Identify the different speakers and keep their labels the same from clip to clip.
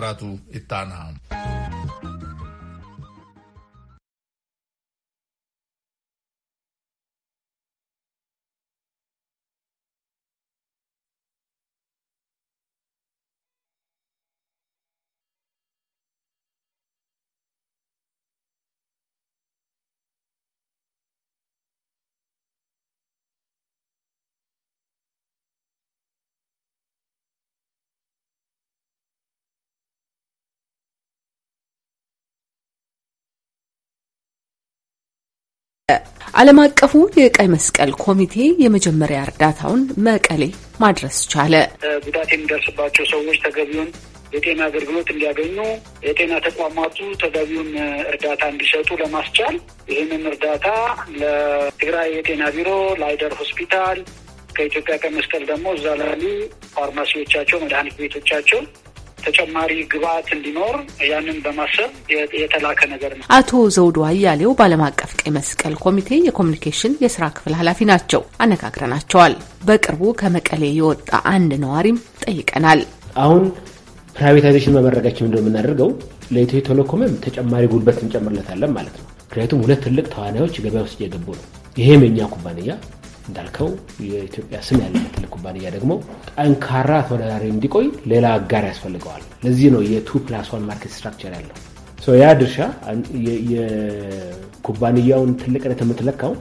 Speaker 1: ኩራቱ ይታና
Speaker 2: ዓለም አቀፉ የቀይ መስቀል ኮሚቴ የመጀመሪያ እርዳታውን መቀሌ ማድረስ ቻለ።
Speaker 3: ጉዳት የሚደርስባቸው ሰዎች ተገቢውን የጤና አገልግሎት እንዲያገኙ የጤና ተቋማቱ ተገቢውን እርዳታ እንዲሰጡ ለማስቻል ይህንን እርዳታ ለትግራይ የጤና ቢሮ፣ ላይደር ሆስፒታል ከኢትዮጵያ ቀይ መስቀል ደግሞ እዛ ላሉ ፋርማሲዎቻቸው፣ መድኃኒት ቤቶቻቸው ተጨማሪ ግብአት እንዲኖር ያንን በማሰብ የተላከ ነገር ነው።
Speaker 2: አቶ ዘውዱ አያሌው በዓለም አቀፍ ቀይ መስቀል ኮሚቴ የኮሚኒኬሽን የስራ ክፍል ኃላፊ ናቸው። አነጋግረናቸዋል። በቅርቡ ከመቀሌ የወጣ አንድ ነዋሪም ጠይቀናል።
Speaker 4: አሁን ፕራይቬታይዜሽን መመረጋችን ምንድነው የምናደርገው? ለኢትዮ ቴሌኮምም ተጨማሪ ጉልበት እንጨምርለታለን ማለት ነው። ምክንያቱም ሁለት ትልቅ ተዋናዮች ገበያ ውስጥ እየገቡ ነው። ይሄም የኛ ኩባንያ እንዳልከው የኢትዮጵያ ስም ያለው ትልቅ ኩባንያ ደግሞ ጠንካራ ተወዳዳሪ እንዲቆይ ሌላ አጋር ያስፈልገዋል። ለዚህ ነው የቱ ፕላስ ዋን ማርኬት ስትራክቸር ያለው ያ ድርሻ የኩባንያውን ትልቅነት የምትለካው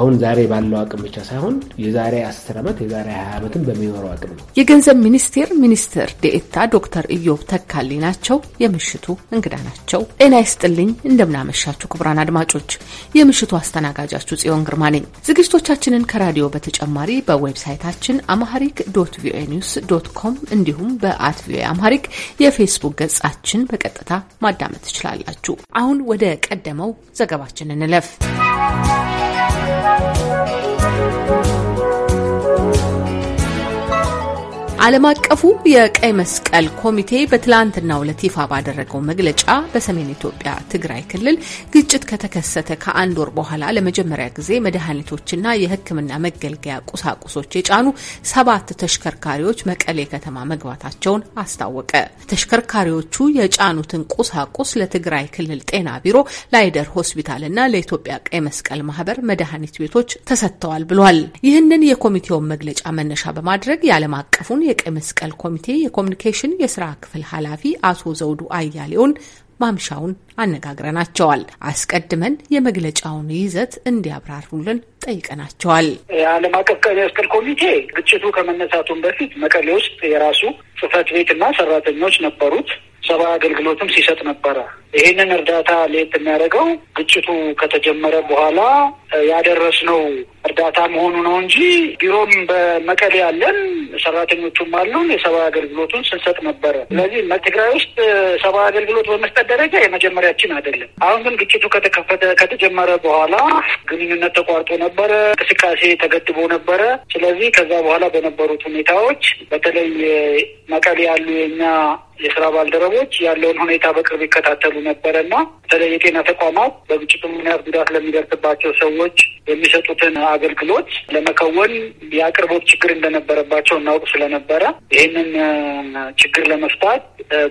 Speaker 4: አሁን ዛሬ ባለው አቅም ብቻ ሳይሆን የዛሬ አስር ዓመት የዛሬ ሀያ ዓመትም በሚኖረው አቅም ነው።
Speaker 2: የገንዘብ ሚኒስቴር ሚኒስትር ዴኤታ ዶክተር ኢዮብ ተካሊ ናቸው የምሽቱ እንግዳ ናቸው። ጤና ይስጥልኝ፣ እንደምናመሻችሁ ክቡራን አድማጮች፣ የምሽቱ አስተናጋጃችሁ ጽዮን ግርማ ነኝ። ዝግጅቶቻችንን ከራዲዮ በተጨማሪ በዌብሳይታችን አማሪክ ዶት ቪኦኤ ኒውስ ዶት ኮም እንዲሁም በአት ቪኦኤ አማሃሪክ የፌስቡክ ገጻችን በቀጥታ ማዳመጥ ትችላላችሁ። አሁን ወደ ቀደመው ዘገባችን እንለፍ። ዓለም አቀፉ የቀይ መስቀል ኮሚቴ በትላንትናው ዕለት ይፋ ባደረገው መግለጫ በሰሜን ኢትዮጵያ ትግራይ ክልል ግጭት ከተከሰተ ከአንድ ወር በኋላ ለመጀመሪያ ጊዜ መድኃኒቶችና የሕክምና መገልገያ ቁሳቁሶች የጫኑ ሰባት ተሽከርካሪዎች መቀሌ ከተማ መግባታቸውን አስታወቀ። ተሽከርካሪዎቹ የጫኑትን ቁሳቁስ ለትግራይ ክልል ጤና ቢሮ፣ ላይደር ሆስፒታል እና ለኢትዮጵያ ቀይ መስቀል ማህበር መድኃኒት ቤቶች ተሰጥተዋል ብሏል። ይህንን የኮሚቴውን መግለጫ መነሻ በማድረግ የዓለም አቀፉን የቀይ መስቀል ኮሚቴ የኮሚኒኬሽን የስራ ክፍል ኃላፊ አቶ ዘውዱ አያሌውን ማምሻውን አነጋግረናቸዋል። አስቀድመን የመግለጫውን ይዘት እንዲያብራሩልን ጠይቀናቸዋል።
Speaker 5: የዓለም አቀፍ ቀይ መስቀል ኮሚቴ
Speaker 3: ግጭቱ ከመነሳቱን በፊት መቀሌ ውስጥ የራሱ ጽህፈት ቤትና ሰራተኞች ነበሩት። ሰብአዊ አገልግሎትም ሲሰጥ ነበረ። ይህንን እርዳታ ለየት የሚያደርገው ግጭቱ ከተጀመረ በኋላ ያደረስነው እርዳታ መሆኑ ነው እንጂ ቢሮም በመቀሌ ያለን ሰራተኞቹም አሉን የሰብአዊ አገልግሎቱን ስንሰጥ ነበረ። ስለዚህ ትግራይ ውስጥ ሰብአዊ አገልግሎት በመስጠት ደረጃ የመጀመሪያችን አይደለም። አሁን ግን ግጭቱ ከተከፈተ ከተጀመረ በኋላ ግንኙነት ተቋርጦ ነበረ፣ እንቅስቃሴ ተገድቦ ነበረ። ስለዚህ ከዛ በኋላ በነበሩት ሁኔታዎች በተለይ መቀሌ ያሉ የእኛ የስራ ባልደረቦች ያለውን ሁኔታ በቅርብ ይከታተሉ ነበረ እና በተለይ የጤና ተቋማት በግጭቱ ምክንያት ጉዳት ለሚደርስባቸው ሰዎች የሚሰጡትን አገልግሎት ለመከወን የአቅርቦት ችግር እንደነበረባቸው እናውቅ ስለነበረ ይህንን ችግር ለመፍታት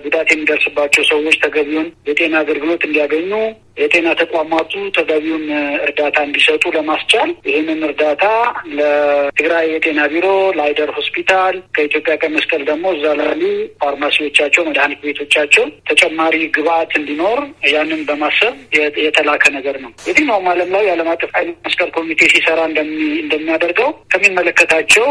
Speaker 3: ጉዳት የሚደርስባቸው ሰዎች ተገቢውን የጤና አገልግሎት እንዲያገኙ የጤና ተቋማቱ ተገቢውን እርዳታ እንዲሰጡ ለማስቻል ይህንን እርዳታ ለትግራይ የጤና ቢሮ፣ ለአይደር ሆስፒታል፣ ከኢትዮጵያ ቀይ መስቀል ደግሞ እዛ ላሉ ፋርማሲዎቻቸው፣ መድኃኒት ቤቶቻቸው ተጨማሪ ግብአት እንዲኖር ያንን በማሰብ የተላከ ነገር ነው። የትኛውም ዓለም ላይ የዓለም አቀፍ ቀይ መስቀል ኢንተር ኮሚቴ ሲሰራ እንደሚያደርገው ከሚመለከታቸው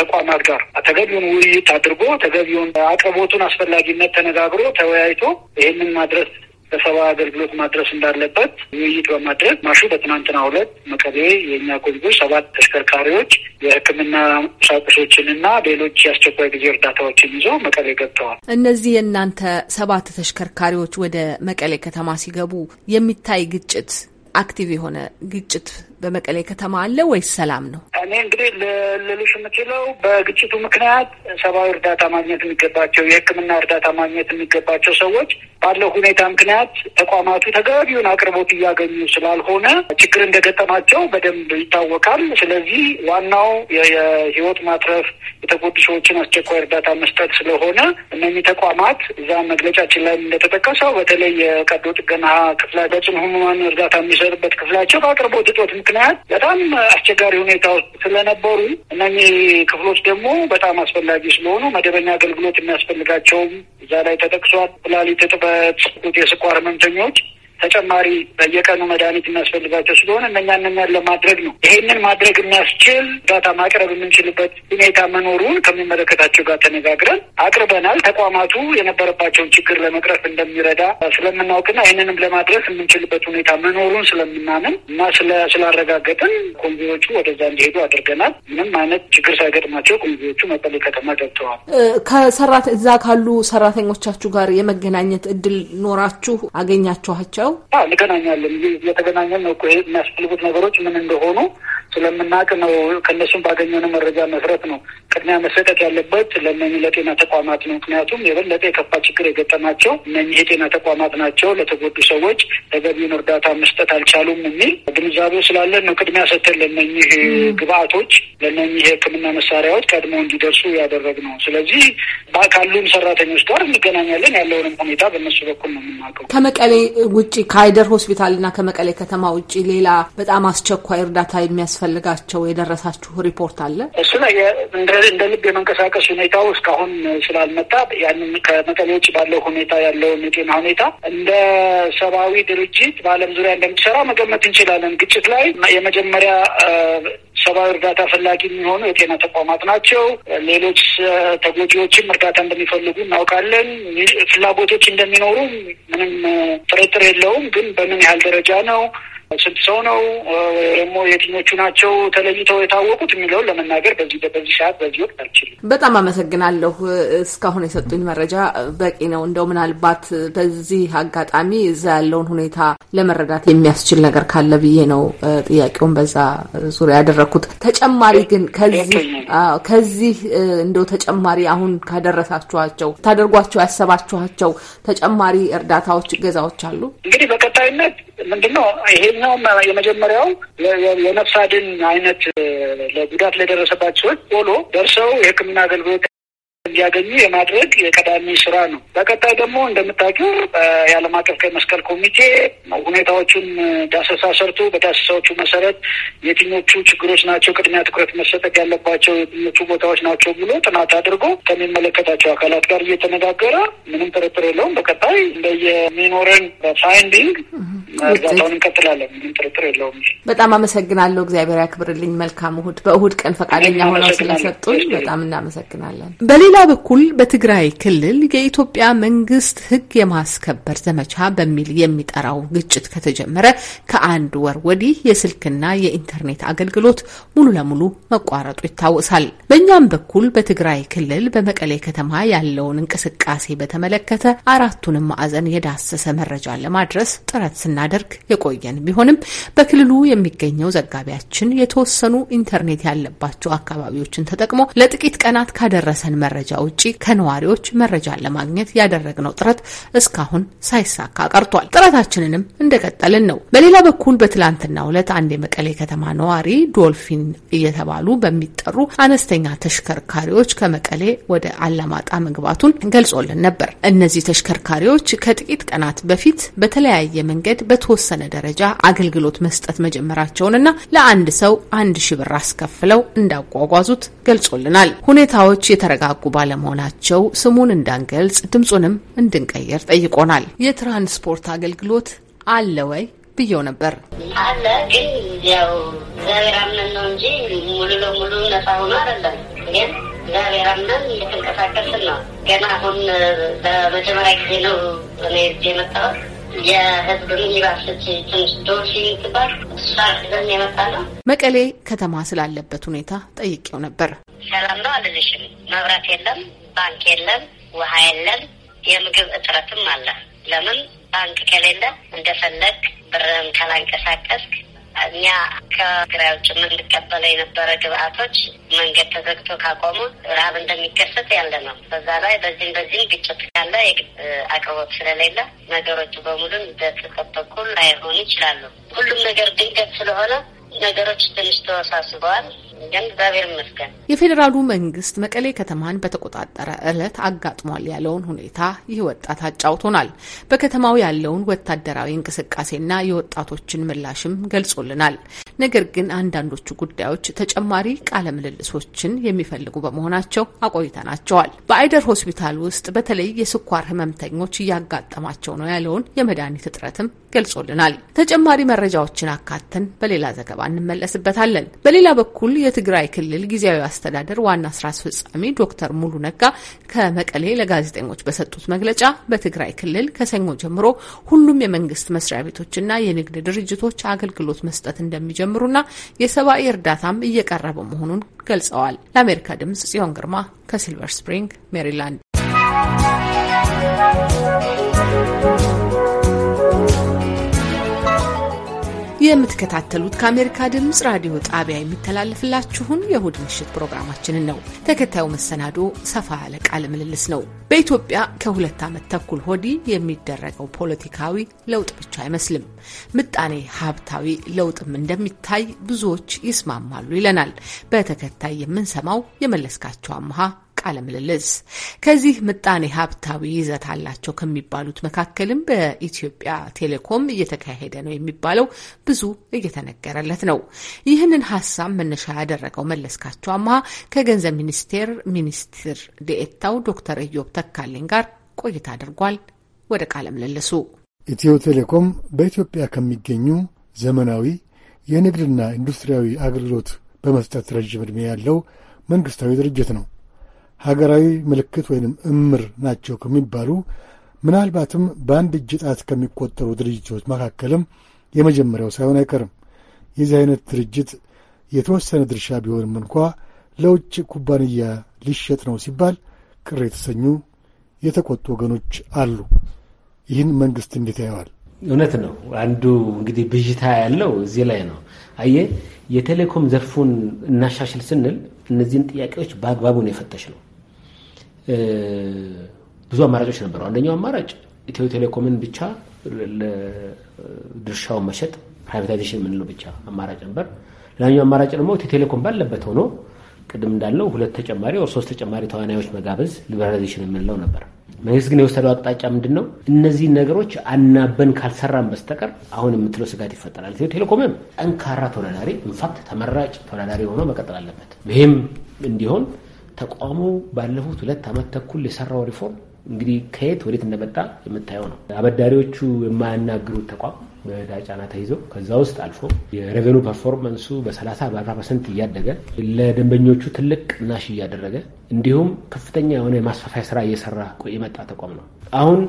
Speaker 3: ተቋማት ጋር ተገቢውን ውይይት አድርጎ ተገቢውን አቅርቦቱን አስፈላጊነት ተነጋግሮ ተወያይቶ ይህንን ማድረስ ለሰባ አገልግሎት ማድረስ እንዳለበት ውይይት በማድረግ ማሹ በትናንትና ሁለት መቀሌ የእኛ ኮሚቴዎች ሰባት ተሽከርካሪዎች የሕክምና ቁሳቁሶችንና ሌሎች የአስቸኳይ ጊዜ እርዳታዎችን ይዞ መቀሌ ገብተዋል።
Speaker 2: እነዚህ የእናንተ ሰባት ተሽከርካሪዎች ወደ መቀሌ ከተማ ሲገቡ የሚታይ ግጭት አክቲቭ የሆነ ግጭት በመቀሌ ከተማ አለ ወይስ ሰላም ነው?
Speaker 3: እኔ እንግዲህ ልልሽ የምችለው በግጭቱ ምክንያት ሰብአዊ እርዳታ ማግኘት የሚገባቸው የሕክምና እርዳታ ማግኘት የሚገባቸው ሰዎች ባለው ሁኔታ ምክንያት ተቋማቱ ተገቢውን አቅርቦት እያገኙ ስላልሆነ ችግር እንደገጠማቸው በደንብ ይታወቃል። ስለዚህ ዋናው የህይወት ማትረፍ የተጎዱ ሰዎችን አስቸኳይ እርዳታ መስጠት ስለሆነ እነኚህ ተቋማት እዛ መግለጫችን ላይ እንደተጠቀሰው በተለይ የቀዶ ጥገና ክፍላ በጽኑ ህሙማን እርዳታ የሚሰጥበት ክፍላቸው በአቅርቦት እጦት ምክንያት ምክንያት በጣም አስቸጋሪ ሁኔታ ውስጥ ስለነበሩ እነኚህ ክፍሎች ደግሞ በጣም አስፈላጊ ስለሆኑ መደበኛ አገልግሎት የሚያስፈልጋቸውም እዛ ላይ ተጠቅሷል። ኩላሊት እጥበት፣ የስኳር ህመምተኞች ተጨማሪ በየቀኑ መድኃኒት የሚያስፈልጋቸው ስለሆነ እነኛን ለማድረግ ነው። ይሄንን ማድረግ የሚያስችል እርዳታ ማቅረብ የምንችልበት ሁኔታ መኖሩን ከሚመለከታቸው ጋር ተነጋግረን አቅርበናል። ተቋማቱ የነበረባቸውን ችግር ለመቅረፍ እንደሚረዳ ስለምናውቅና ይህንንም ለማድረስ የምንችልበት ሁኔታ መኖሩን ስለምናምን እና ስላረጋገጥን ኮንቪዎቹ ወደዛ እንዲሄዱ አድርገናል። ምንም አይነት ችግር ሳይገጥማቸው ኮንቪዎቹ መቀሌ ከተማ ገብተዋል።
Speaker 2: ከሰራት እዛ ካሉ ሰራተኞቻችሁ ጋር የመገናኘት እድል ኖራችሁ አገኛችኋቸው?
Speaker 3: እንገናኛለን እየተገናኘን ነው። የሚያስፈልጉት ነገሮች ምን እንደሆኑ ስለምናውቅ ነው። ከእነሱም ባገኘነው መረጃ መሰረት ነው ቅድሚያ መሰጠት ያለበት ለእነኝህ ለጤና ተቋማት ነው። ምክንያቱም የበለጠ የከፋ ችግር የገጠማቸው እነኝህ የጤና ተቋማት ናቸው። ለተጎዱ ሰዎች ተገቢውን እርዳታ መስጠት አልቻሉም የሚል ግንዛቤው ስላለን ነው ቅድሚያ ሰጥተን ለእነኝህ ግብአቶች፣ ለእነኝህ የህክምና መሳሪያዎች ቀድሞ እንዲደርሱ ያደረግ ነው ስለዚህ ካሉም ሰራተኞች ጋር እንገናኛለን። ያለውንም ሁኔታ በእነሱ በኩል ነው የምናውቀው።
Speaker 2: ከመቀሌ ውጭ ከአይደር ሆስፒታልና ከመቀሌ ከተማ ውጭ ሌላ በጣም አስቸኳይ እርዳታ የሚያስፈ ፈልጋቸው የደረሳችሁ ሪፖርት አለ?
Speaker 3: እሱ ላይ እንደ ልብ የመንቀሳቀስ ሁኔታው እስካሁን ስላልመጣ ያንን ከመቀሌ ውጭ ባለው ሁኔታ ያለውን የጤና ሁኔታ እንደ ሰብአዊ ድርጅት በዓለም ዙሪያ እንደሚሰራ መገመት እንችላለን። ግጭት ላይ የመጀመሪያ ሰብአዊ እርዳታ ፈላጊ የሚሆኑ የጤና ተቋማት ናቸው። ሌሎች ተጎጂዎችም እርዳታ እንደሚፈልጉ እናውቃለን። ፍላጎቶች እንደሚኖሩ ምንም ጥርጥር የለውም። ግን በምን ያህል ደረጃ ነው ስንት ሰው ነው ደግሞ የትኞቹ ናቸው ተለይተው የታወቁት የሚለውን ለመናገር በዚህ በዚህ ሰዓት በዚህ ወቅት
Speaker 2: አልችልም። በጣም አመሰግናለሁ። እስካሁን የሰጡኝ መረጃ በቂ ነው። እንደው ምናልባት በዚህ አጋጣሚ እዛ ያለውን ሁኔታ ለመረዳት የሚያስችል ነገር ካለ ብዬ ነው ጥያቄውን በዛ ዙሪያ ያደረግኩት። ተጨማሪ ግን ከዚህ ከዚህ እንደው ተጨማሪ አሁን ካደረሳችኋቸው ታደርጓቸው ያሰባችኋቸው ተጨማሪ እርዳታዎች፣ እገዛዎች አሉ
Speaker 3: እንግዲህ በቀጣይነት ምንድነው ይሄ አንደኛው የመጀመሪያው የነፍስ አድን አይነት ለጉዳት ለደረሰባቸው ቶሎ ደርሰው የሕክምና አገልግሎት እንዲያገኙ የማድረግ የቀዳሚ ስራ ነው። በቀጣይ ደግሞ እንደምታውቂው የዓለም አቀፍ ቀይ መስቀል ኮሚቴ ሁኔታዎቹን ዳሰሳ ሰርቶ በዳሰሳዎቹ መሰረት የትኞቹ ችግሮች ናቸው ቅድሚያ ትኩረት መሰጠት ያለባቸው የትኞቹ ቦታዎች ናቸው ብሎ ጥናት አድርጎ ከሚመለከታቸው አካላት ጋር እየተነጋገረ ምንም ጥርጥር የለውም በቀጣይ እንደየሚኖረን ፋይንዲንግ እርዳታውን እንቀጥላለን። ምንም ጥርጥር የለውም።
Speaker 2: በጣም አመሰግናለሁ። እግዚአብሔር ያክብርልኝ። መልካም እሁድ። በእሁድ ቀን ፈቃደኛ ሆነው ስለሰጡኝ በጣም እናመሰግናለን። በሌላ በኩል በትግራይ ክልል የኢትዮጵያ መንግስት ሕግ የማስከበር ዘመቻ በሚል የሚጠራው ግጭት ከተጀመረ ከአንድ ወር ወዲህ የስልክና የኢንተርኔት አገልግሎት ሙሉ ለሙሉ መቋረጡ ይታወሳል። በእኛም በኩል በትግራይ ክልል በመቀሌ ከተማ ያለውን እንቅስቃሴ በተመለከተ አራቱንም ማዕዘን የዳሰሰ መረጃ ለማድረስ ጥረት ስናደርግ የቆየን ቢሆንም በክልሉ የሚገኘው ዘጋቢያችን የተወሰኑ ኢንተርኔት ያለባቸው አካባቢዎችን ተጠቅሞ ለጥቂት ቀናት ካደረሰን መረጃ መረጃ ውጪ ከነዋሪዎች መረጃን ለማግኘት ያደረግነው ጥረት እስካሁን ሳይሳካ ቀርቷል። ጥረታችንንም እንደቀጠልን ነው። በሌላ በኩል በትላንትናው ዕለት አንድ የመቀሌ ከተማ ነዋሪ ዶልፊን እየተባሉ በሚጠሩ አነስተኛ ተሽከርካሪዎች ከመቀሌ ወደ አላማጣ መግባቱን ገልጾልን ነበር። እነዚህ ተሽከርካሪዎች ከጥቂት ቀናት በፊት በተለያየ መንገድ በተወሰነ ደረጃ አገልግሎት መስጠት መጀመራቸውንና ለአንድ ሰው አንድ ሺ ብር አስከፍለው እንዳጓጓዙት ገልጾልናል። ሁኔታዎች የተረጋጉ ባለመሆናቸው ስሙን እንዳንገልጽ ድምፁንም እንድንቀይር ጠይቆናል። የትራንስፖርት አገልግሎት አለ ወይ ብየው ነበር።
Speaker 5: አለ
Speaker 3: ግን ያው እግዚአብሔር አምነን ነው እንጂ ሙሉ ለሙሉ ነፃ ሆኖ አይደለም። ግን እግዚአብሔር አምነን እየተንቀሳቀስን ነው። ገና አሁን በመጀመሪያ ጊዜ ነው እኔ የመጣሁት
Speaker 2: መቀሌ ከተማ ስላለበት ሁኔታ
Speaker 3: ጠይቄው ነበር። ሰላም ነው አልልሽም። መብራት የለም፣ ባንክ የለም፣ ውሃ የለም፣ የምግብ እጥረትም አለ። ለምን ባንክ ከሌለ እንደፈለግ ብርም ካላንቀሳቀስክ እኛ ከግራዩ ጭምር የነበረ ግብአቶች መንገድ ተዘግቶ ካቆሙ ረሀብ እንደሚከሰት ያለ ነው። በዛ ላይ በዚህም በዚህም ግጭት ካለ አቅርቦት ስለሌለ ነገሮች በሙሉ በተጠበቁ ላይሆኑ ይችላሉ። ሁሉም ነገር ድንገት ስለሆነ ነገሮች ትንሽ ተወሳስበዋል። ይገኛል። እግዚአብሔር ይመስገን።
Speaker 2: የፌዴራሉ መንግስት መቀሌ ከተማን በተቆጣጠረ እለት አጋጥሟል ያለውን ሁኔታ ይህ ወጣት አጫውቶናል። በከተማው ያለውን ወታደራዊ እንቅስቃሴና የወጣቶችን ምላሽም ገልጾልናል። ነገር ግን አንዳንዶቹ ጉዳዮች ተጨማሪ ቃለ ምልልሶችን የሚፈልጉ በመሆናቸው አቆይተናቸዋል። በአይደር ሆስፒታል ውስጥ በተለይ የስኳር ህመምተኞች እያጋጠማቸው ነው ያለውን የመድኃኒት እጥረትም ገልጾልናል። ተጨማሪ መረጃዎችን አካተን በሌላ ዘገባ እንመለስበታለን። በሌላ በኩል የትግራይ ክልል ጊዜያዊ አስተዳደር ዋና ስራ አስፈጻሚ ዶክተር ሙሉ ነጋ ከመቀሌ ለጋዜጠኞች በሰጡት መግለጫ በትግራይ ክልል ከሰኞ ጀምሮ ሁሉም የመንግስት መስሪያ ቤቶችና የንግድ ድርጅቶች አገልግሎት መስጠት እንደሚጀምሩና የሰብአዊ እርዳታም እየቀረበ መሆኑን ገልጸዋል። ለአሜሪካ ድምጽ ጽዮን ግርማ ከሲልቨር ስፕሪንግ ሜሪላንድ። የምትከታተሉት ከአሜሪካ ድምፅ ራዲዮ ጣቢያ የሚተላለፍላችሁን የእሁድ ምሽት ፕሮግራማችንን ነው። ተከታዩ መሰናዶ ሰፋ ያለ ቃለ ምልልስ ነው። በኢትዮጵያ ከሁለት ዓመት ተኩል ወዲህ የሚደረገው ፖለቲካዊ ለውጥ ብቻ አይመስልም፣ ምጣኔ ሀብታዊ ለውጥም እንደሚታይ ብዙዎች ይስማማሉ ይለናል በተከታይ የምንሰማው የመለስካቸው አምሃ ቃለ ምልልስ ከዚህ ምጣኔ ሀብታዊ ይዘት አላቸው ከሚባሉት መካከልም በኢትዮጵያ ቴሌኮም እየተካሄደ ነው የሚባለው ብዙ እየተነገረለት ነው። ይህንን ሀሳብ መነሻ ያደረገው መለስካቸው አማሃ ከገንዘብ ሚኒስቴር ሚኒስትር ዴኤታው ዶክተር እዮብ ተካልኝ ጋር ቆይታ አድርጓል። ወደ ቃለ ምልልሱ
Speaker 6: ኢትዮ ቴሌኮም በኢትዮጵያ ከሚገኙ ዘመናዊ የንግድና ኢንዱስትሪያዊ አገልግሎት በመስጠት ረዥም ዕድሜ ያለው መንግሥታዊ ድርጅት ነው። ሀገራዊ ምልክት ወይንም እምር ናቸው ከሚባሉ ምናልባትም በአንድ እጅ ጣት ከሚቆጠሩ ድርጅቶች መካከልም የመጀመሪያው ሳይሆን አይቀርም። የዚህ አይነት ድርጅት የተወሰነ ድርሻ ቢሆንም እንኳ ለውጭ ኩባንያ ሊሸጥ ነው ሲባል ቅር የተሰኙ የተቆጡ ወገኖች አሉ።
Speaker 4: ይህን መንግስት እንዴት ያየዋል? እውነት ነው። አንዱ እንግዲህ ብዥታ ያለው እዚህ ላይ ነው። አየ የቴሌኮም ዘርፉን እናሻሽል ስንል እነዚህን ጥያቄዎች በአግባቡ ነው የፈተሽ ነው። ብዙ አማራጮች ነበሩ። አንደኛው አማራጭ ኢትዮ ቴሌኮምን ብቻ ድርሻውን መሸጥ ፕራይቬታይዜሽን የምንለው ብቻ አማራጭ ነበር። ሌላኛው አማራጭ ደግሞ ኢትዮ ቴሌኮም ባለበት ሆኖ ቅድም እንዳለው ሁለት ተጨማሪ ወር ሶስት ተጨማሪ ተዋናዮች መጋበዝ ሊበራላይዜሽን የምንለው ነበር። መንግስት ግን የወሰደው አቅጣጫ ምንድን ነው? እነዚህ ነገሮች አናበን ካልሰራን በስተቀር አሁን የምትለው ስጋት ይፈጠራል። ኢትዮ ቴሌኮምም ጠንካራ ተወዳዳሪ፣ ኢንፋክት ተመራጭ ተወዳዳሪ ሆኖ መቀጠል አለበት። ይህም እንዲሆን ተቋሙ ባለፉት ሁለት ዓመት ተኩል የሰራው ሪፎርም እንግዲህ ከየት ወዴት እንደመጣ የምታየው ነው። አበዳሪዎቹ የማያናግሩት ተቋም በዕዳ ጫና ተይዘው ከዛ ውስጥ አልፎ የሬቨኑ ፐርፎርመንሱ በ30 40 ፐርሰንት እያደገ ለደንበኞቹ ትልቅ ቅናሽ እያደረገ እንዲሁም ከፍተኛ የሆነ የማስፋፋያ ስራ እየሰራ የመጣ ተቋም ነው። አሁን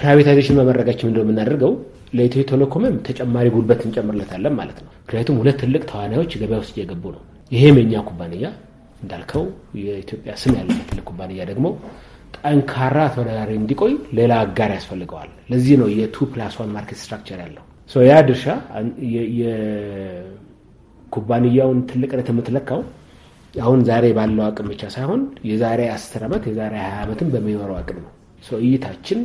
Speaker 4: ፕራይቬታይዜሽን መመረጋችን ምንድ የምናደርገው? ለኢትዮ ቴሌኮምም ተጨማሪ ጉልበት እንጨምርለታለን ማለት ነው። ምክንያቱም ሁለት ትልቅ ተዋናዮች ገበያ ውስጥ እየገቡ ነው። ይሄም የኛ ኩባንያ እንዳልከው የኢትዮጵያ ስም ያለ ትልቅ ኩባንያ ደግሞ ጠንካራ ተወዳዳሪ እንዲቆይ ሌላ አጋር ያስፈልገዋል። ለዚህ ነው የቱ ፕላስ ዋን ማርኬት ስትራክቸር ያለው ያ ድርሻ የኩባንያውን ትልቅነት የምትለካው አሁን ዛሬ ባለው አቅም ብቻ ሳይሆን የዛሬ አስር ዓመት የዛሬ ሀያ ዓመትም በሚኖረው አቅም ነው። እይታችን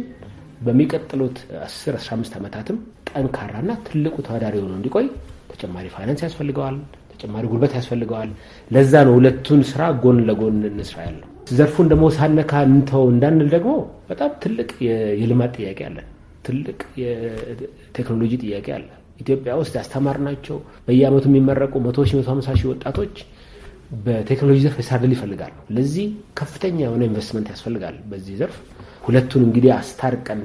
Speaker 4: በሚቀጥሉት አስር አስራ አምስት ዓመታትም ጠንካራና ትልቁ ተወዳዳሪ ሆኖ እንዲቆይ ተጨማሪ ፋይናንስ ያስፈልገዋል። ተጨማሪ ጉልበት ያስፈልገዋል። ለዛ ነው ሁለቱን ስራ ጎን ለጎን እንስራ ያለው። ዘርፉን ደግሞ ሳነካ እንተው እንዳንል ደግሞ በጣም ትልቅ የልማት ጥያቄ አለ። ትልቅ የቴክኖሎጂ ጥያቄ አለ። ኢትዮጵያ ውስጥ ያስተማርናቸው በየአመቱ የሚመረቁ መቶ ሺህ መቶ ሀምሳ ሺህ ወጣቶች በቴክኖሎጂ ዘርፍ ሊሳደል ይፈልጋሉ። ለዚህ ከፍተኛ የሆነ ኢንቨስትመንት ያስፈልጋል በዚህ ዘርፍ። ሁለቱን እንግዲህ አስታርቀን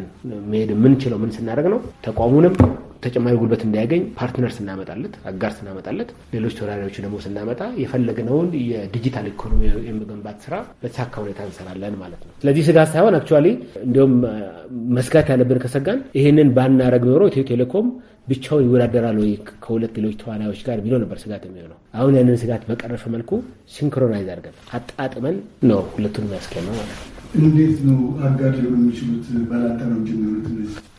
Speaker 4: መሄድ የምንችለው ምን ስናደርግ ነው? ተቋሙንም ተጨማሪ ጉልበት እንዳያገኝ ፓርትነር ስናመጣለት፣ አጋር ስናመጣለት፣ ሌሎች ተወዳዳሪዎች ደግሞ ስናመጣ የፈለግነውን የዲጂታል ኢኮኖሚ የመገንባት ስራ በተሳካ ሁኔታ እንሰራለን ማለት ነው። ስለዚህ ስጋት ሳይሆን አክቹዋሊ እንዲሁም መስጋት ያለብን ከሰጋን ይህንን ባናረግ ኖሮ ኢትዮ ቴሌኮም ብቻውን ይወዳደራል ወይ ከሁለት ሌሎች ተዋናዮች ጋር ቢለው ነበር ስጋት የሚሆነው። አሁን ያንን ስጋት በቀረፈ መልኩ ሲንክሮናይዝ አድርገን አጣጥመን ነው ሁለቱን የሚያስኬድ ነው ማለት ነው።
Speaker 6: እንዴት ነው አጋር የሚችሉት? ባላንጣ ነው እንጂ
Speaker 4: የሚሆኑት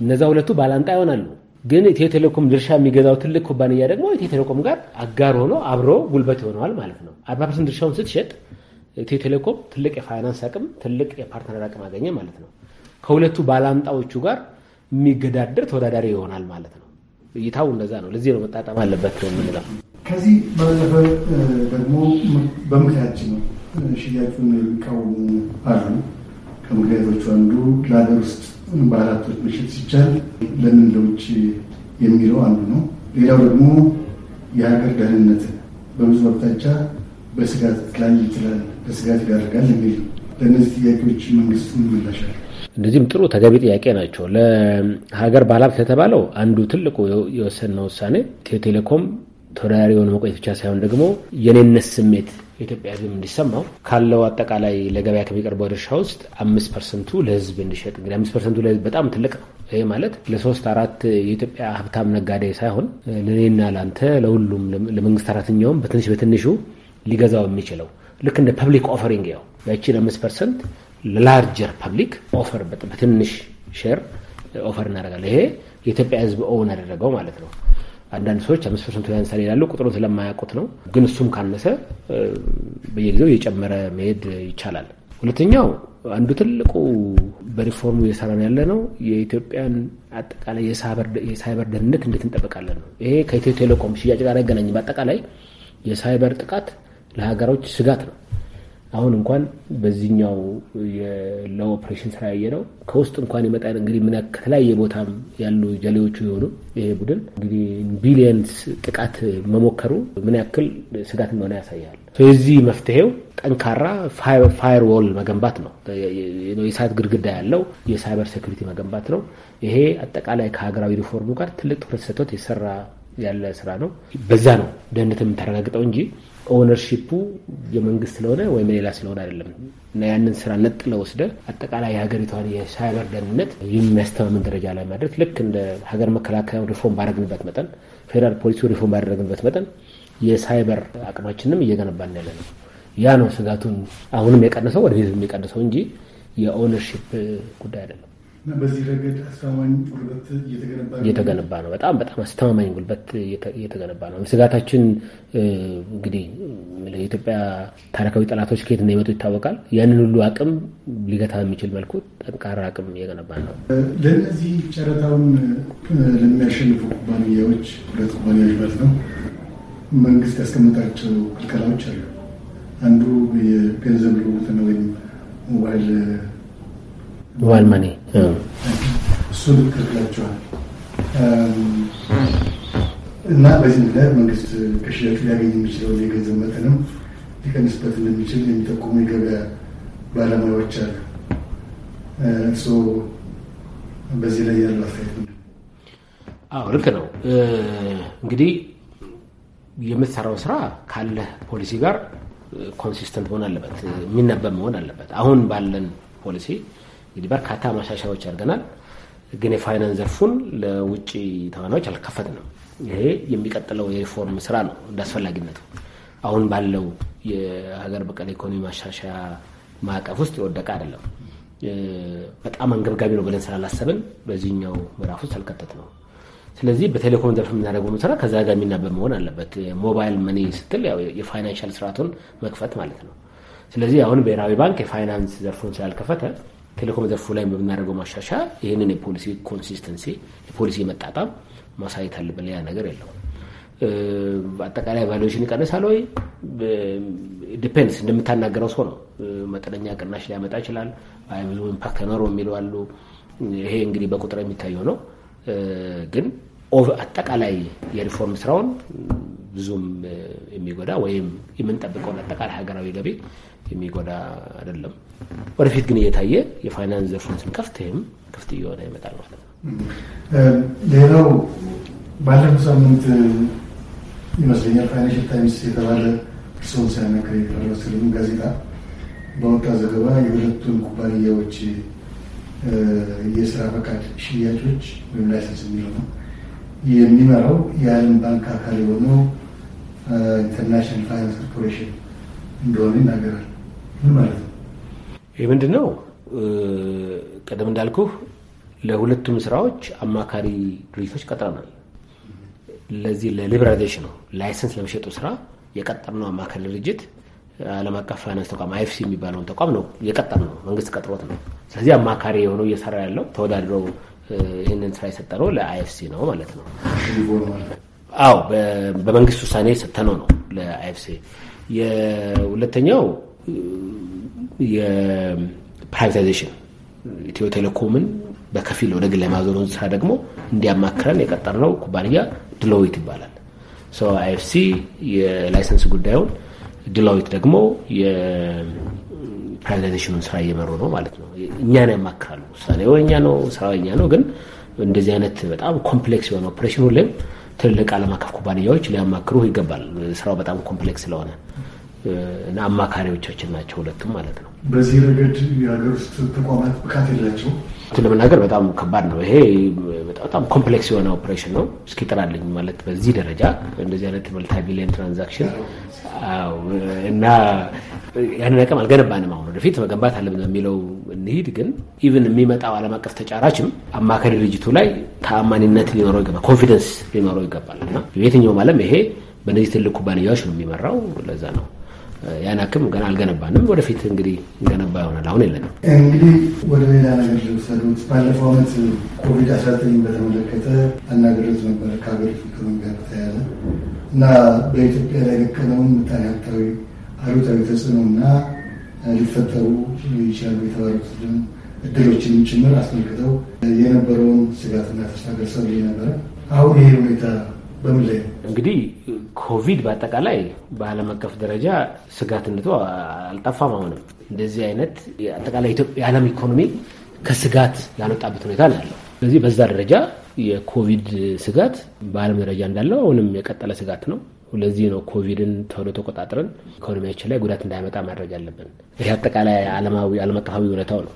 Speaker 4: እነዛ ሁለቱ ባላንጣ ይሆናሉ። ግን ኢትዮ ቴሌኮም ድርሻ የሚገዛው ትልቅ ኩባንያ ደግሞ ኢትዮ ቴሌኮም ጋር አጋር ሆኖ አብሮ ጉልበት ይሆነዋል ማለት ነው። አርባ ፐርሰንት ድርሻውን ስትሸጥ ኢትዮ ቴሌኮም ትልቅ የፋይናንስ አቅም፣ ትልቅ የፓርትነር አቅም አገኘ ማለት ነው። ከሁለቱ ባላንጣዎቹ ጋር የሚገዳደር ተወዳዳሪ ይሆናል ማለት ነው። እይታው እንደዛ ነው። ለዚህ ነው መጣጣም አለበት የምንለው።
Speaker 6: ከዚህ ባለፈ ደግሞ በምክንያት ነው ሽያጩን የሚቃወሙ አሉ። ከምክንያቶቹ አንዱ ለሀገር ውስጥ በአራቶች መሸጥ ሲቻል ለምን ለውጭ የሚለው አንዱ ነው። ሌላው ደግሞ የሀገር ደህንነት በብዙ አቅጣጫ በስጋት ላይ ይችላል በስጋት ይዳርጋል የሚል ለእነዚህ ጥያቄዎች መንግስት ይመላሻል።
Speaker 4: እነዚህም ጥሩ ተገቢ ጥያቄ ናቸው። ለሀገር ባለሀብት ከተባለው አንዱ ትልቁ የወሰንነው ውሳኔ ቴሌኮም ተወዳዳሪ የሆነ መቆየት ብቻ ሳይሆን ደግሞ የኔነት ስሜት ኢትዮጵያ ህዝብ እንዲሰማው ካለው አጠቃላይ ለገበያ ከሚቀርበው ድርሻ ውስጥ አምስት ፐርሰንቱ ለሕዝብ እንዲሸጥ እንግዲህ አምስት ፐርሰንቱ ለሕዝብ በጣም ትልቅ ነው። ይህ ማለት ለሶስት አራት የኢትዮጵያ ሀብታም ነጋዴ ሳይሆን ለእኔና ለአንተ፣ ለሁሉም ለመንግስት ሰራተኛውም በትንሽ በትንሹ ሊገዛው የሚችለው ልክ እንደ ፐብሊክ ኦፈሪንግ ያው ያቺን አምስት ፐርሰንት ለላርጀር ፐብሊክ ኦፈር በትንሽ ሼር ኦፈር እናደርጋለን። ይሄ የኢትዮጵያ ህዝብ ኦውን ያደረገው ማለት ነው። አንዳንድ ሰዎች አምስት ፐርሰንቱ ያንሳል ይላሉ። ቁጥሩን ስለማያውቁት ነው። ግን እሱም ካነሰ በየጊዜው እየጨመረ መሄድ ይቻላል። ሁለተኛው አንዱ ትልቁ በሪፎርሙ እየሰራን ያለ ነው የኢትዮጵያን አጠቃላይ የሳይበር ደህንነት እንዴት እንጠበቃለን ነው። ይሄ ከኢትዮ ቴሌኮም ሽያጭ ጋር አይገናኝም። በአጠቃላይ የሳይበር ጥቃት ለሀገሮች ስጋት ነው። አሁን እንኳን በዚህኛው ኦፕሬሽን ስራ ያየ ነው ከውስጥ እንኳን ይመጣል እንግዲህ ምን ከተለያየ ቦታም ያሉ ጀሌዎቹ የሆኑ ይሄ ቡድን እንግዲህ ቢሊየንስ ጥቃት መሞከሩ ምን ያክል ስጋት እንደሆነ ያሳያል። የዚህ መፍትሄው ጠንካራ ፋይርዎል መገንባት ነው። የሰዓት ግድግዳ ያለው የሳይበር ሴኩሪቲ መገንባት ነው። ይሄ አጠቃላይ ከሀገራዊ ሪፎርሙ ጋር ትልቅ ትኩረት ሰጥቶት የሰራ ያለ ስራ ነው። በዛ ነው ደህንነትን የምታረጋግጠው እንጂ ኦነርሺፑ የመንግስት ስለሆነ ወይም ሌላ ስለሆነ አይደለም እና ያንን ስራ ነጥለ ወስደ አጠቃላይ የሀገሪቷን የሳይበር ደህንነት የሚያስተማምን ደረጃ ላይ ማድረግ ልክ እንደ ሀገር መከላከያ ሪፎርም ባደረግንበት መጠን ፌዴራል ፖሊሲ ሪፎርም ባደረግንበት መጠን የሳይበር አቅማችንም እየገነባን ያለ ነው። ያ ነው ስጋቱን አሁንም የቀነሰው ወደፊት የሚቀንሰው እንጂ የኦነርሺፕ ጉዳይ አይደለም።
Speaker 6: በዚህ ረገድ አስተማማኝ ጉልበት እየተገነባ ነው። በጣም
Speaker 4: በጣም አስተማማኝ ጉልበት እየተገነባ ነው። ስጋታችን እንግዲህ የኢትዮጵያ ታሪካዊ ጠላቶች ከየት እንደሚመጡ ይታወቃል። ያንን ሁሉ አቅም ሊገታ የሚችል መልኩ ጠንካራ አቅም እየገነባ ነው።
Speaker 6: ለእነዚህ ጨረታውን ለሚያሸንፉ ኩባንያዎች፣ ሁለት ኩባንያዎች ማለት ነው፣ መንግስት ያስቀምጣቸው ክልከላዎች አሉ። አንዱ የገንዘብ ልውውጥ ነው ወይም ሞባይል ባልመኔ እሱ ልክ ብላችኋል። እና በዚህ ምክንያት መንግስት ከሽያጩ ሊያገኝ የሚችለውን የገንዘብ መጠንም ሊቀንስበት እንደሚችል የሚጠቁሙ የገበያ ባለሙያዎች አሉ። በዚህ ላይ ያለው አስተያየት ነው?
Speaker 4: አዎ ልክ ነው። እንግዲህ የምትሰራው ስራ ካለህ ፖሊሲ ጋር ኮንሲስተንት መሆን አለበት፣ የሚነበብ መሆን አለበት። አሁን ባለን ፖሊሲ እንግዲህ በርካታ ማሻሻያዎች አድርገናል፣ ግን የፋይናንስ ዘርፉን ለውጭ ተዋናዮች አልከፈትንም። ይሄ የሚቀጥለው የሪፎርም ስራ ነው እንደ አስፈላጊነቱ አሁን ባለው የሀገር በቀል ኢኮኖሚ ማሻሻያ ማዕቀፍ ውስጥ የወደቀ አይደለም። በጣም አንገብጋቢ ነው ብለን ስላላሰብን በዚህኛው ምዕራፍ ውስጥ አልከተት ነው። ስለዚህ በቴሌኮም ዘርፍ የምናደርገው ስራ ከዛ ጋር የሚናበብ መሆን አለበት። ሞባይል መኒ ስትል የፋይናንሻል ስርዓቱን መክፈት ማለት ነው። ስለዚህ አሁን ብሔራዊ ባንክ የፋይናንስ ዘርፉን ስላልከፈተ ቴሌኮም ዘርፉ ላይ በምናደርገው ማሻሻያ ይህንን የፖሊሲ ኮንሲስተንሲ የፖሊሲ መጣጣም ማሳየት አለብን። ሌላ ነገር የለውም። አጠቃላይ ቫሉዌሽን ይቀንሳል ወይ? ዲፔንስ እንደምታናገረው ሰው ነው። መጠነኛ ቅናሽ ሊያመጣ ይችላል። ብዙ ኢምፓክት አይኖረው የሚሉ አሉ። ይሄ እንግዲህ በቁጥር የሚታየው ነው። ግን አጠቃላይ የሪፎርም ስራውን ብዙም የሚጎዳ ወይም የምንጠብቀውን አጠቃላይ ሀገራዊ ገቢ የሚጎዳ አይደለም። ወደፊት ግን እየታየ የፋይናንስ ዘርፉን ስንከፍት ይህም ክፍት እየሆነ ይመጣል ማለት ነው።
Speaker 6: ሌላው ባለፈው ሳምንት ይመስለኛል ፋይናንሽል ታይምስ የተባለ እርስዎን ሲያናግር የተመለስልኝ ጋዜጣ በወጣ ዘገባ የሁለቱን ኩባንያዎች የስራ ፈቃድ ሽያጮች ወይም ላይሰንስ የሚለው ነው የሚመራው የዓለም ባንክ አካል የሆነው ኢንተርናሽናል ፋይናንስ ኮርፖሬሽን እንደሆነ ይናገራል።
Speaker 4: ምን ማለት ነው? ይህ ምንድን ነው? ቀደም እንዳልኩህ ለሁለቱም ስራዎች አማካሪ ድርጅቶች ቀጥረናል። ለዚህ ነው ላይሰንስ ለመሸጡ ስራ የቀጠርነው አማካሪ ድርጅት ዓለም አቀፍ ፋይናንስ ተቋም አይኤፍሲ የሚባለውን ተቋም ነው የቀጠርነው፣ መንግስት ቀጥሮት ነው። ስለዚህ አማካሪ የሆነው እየሰራ ያለው ተወዳድረው ይህንን ስራ የሰጠነው ለአይኤፍሲ ነው ማለት ነው። አዎ በመንግስት ውሳኔ ሰተነው ነው ለአይኤፍሲ። የሁለተኛው የፕራይቬታይዜሽን ኢትዮ ቴሌኮምን በከፊል ወደ ግል ለማዞሩን ስራ ደግሞ እንዲያማክረን የቀጠርነው ኩባንያ ድሎዊት ይባላል። አይኤፍሲ የላይሰንስ ጉዳዩን ድሎዊት ደግሞ የፕራይቬታይዜሽኑን ስራ እየመሩ ነው ማለት ነው። እኛን ያማክራሉ። ውሳኔው የእኛ ነው፣ ስራው የእኛ ነው። ግን እንደዚህ አይነት በጣም ኮምፕሌክስ የሆነ ኦፕሬሽን ሁሌም ትልልቅ ዓለም አቀፍ ኩባንያዎች ሊያማክሩ ይገባል። ስራው በጣም ኮምፕሌክስ ስለሆነ እና አማካሪዎቻችን ናቸው ሁለቱም ማለት ነው።
Speaker 6: በዚህ ረገድ የሀገር ውስጥ ተቋማት ብቃት የላቸው
Speaker 4: ለመናገር በጣም ከባድ ነው። ይሄ በጣም ኮምፕሌክስ የሆነ ኦፕሬሽን ነው። እስኪ ጥራልኝ ማለት በዚህ ደረጃ እንደዚህ አይነት መልታቢሊየን ትራንዛክሽን እና ያንን አቅም አልገነባንም። አሁን ወደፊት መገንባት አለብን በሚለው እንሂድ። ግን ኢቭን የሚመጣው ዓለም አቀፍ ተጫራችም አማካሪ ድርጅቱ ላይ ተአማኒነት ሊኖረው ይገባል፣ ኮንፊደንስ ሊኖረው ይገባል እና የትኛውም ዓለም ይሄ በእነዚህ ትልቅ ኩባንያዎች ነው የሚመራው። ለዛ ነው ያን አቅም ገና አልገነባንም። ወደፊት እንግዲህ እንገነባ ይሆናል። አሁን የለንም።
Speaker 6: እንግዲህ ወደ ሌላ ነገር ልውሰዶት። ባለፈው ዓመት ኮቪድ 19 በተመለከተ አናገሮት ነበረ ከሀገሪቱ ኢኮኖሚ ጋር ተያያዘ እና በኢትዮጵያ ላይ የቀለውን ምጣኔ ሀብታዊ አሉታዊ ተጽዕኖና ሊፈጠሩ ይችላሉ የተባሉትን እድሎችንም ጭምር አስመልክተው የነበረውን ስጋትና ተስፋ ገልጸው ነበረ። አሁን ይሄ ሁኔታ በምን ላይ ነው?
Speaker 4: እንግዲህ ኮቪድ በአጠቃላይ በዓለም አቀፍ ደረጃ ስጋትነቱ አልጠፋም። አሁንም እንደዚህ አይነት አጠቃላይ የዓለም ኢኮኖሚ ከስጋት ያልወጣበት ሁኔታ ነው ያለው። ስለዚህ በዛ ደረጃ የኮቪድ ስጋት በዓለም ደረጃ እንዳለው አሁንም የቀጠለ ስጋት ነው። ለዚህ ነው ኮቪድን ቶሎ ተቆጣጥረን ኢኮኖሚያችን ላይ ጉዳት እንዳይመጣ ማድረግ ያለብን። ይህ አጠቃላይ ዓለማዊ ዓለም አቀፋዊ ሁኔታው ነው።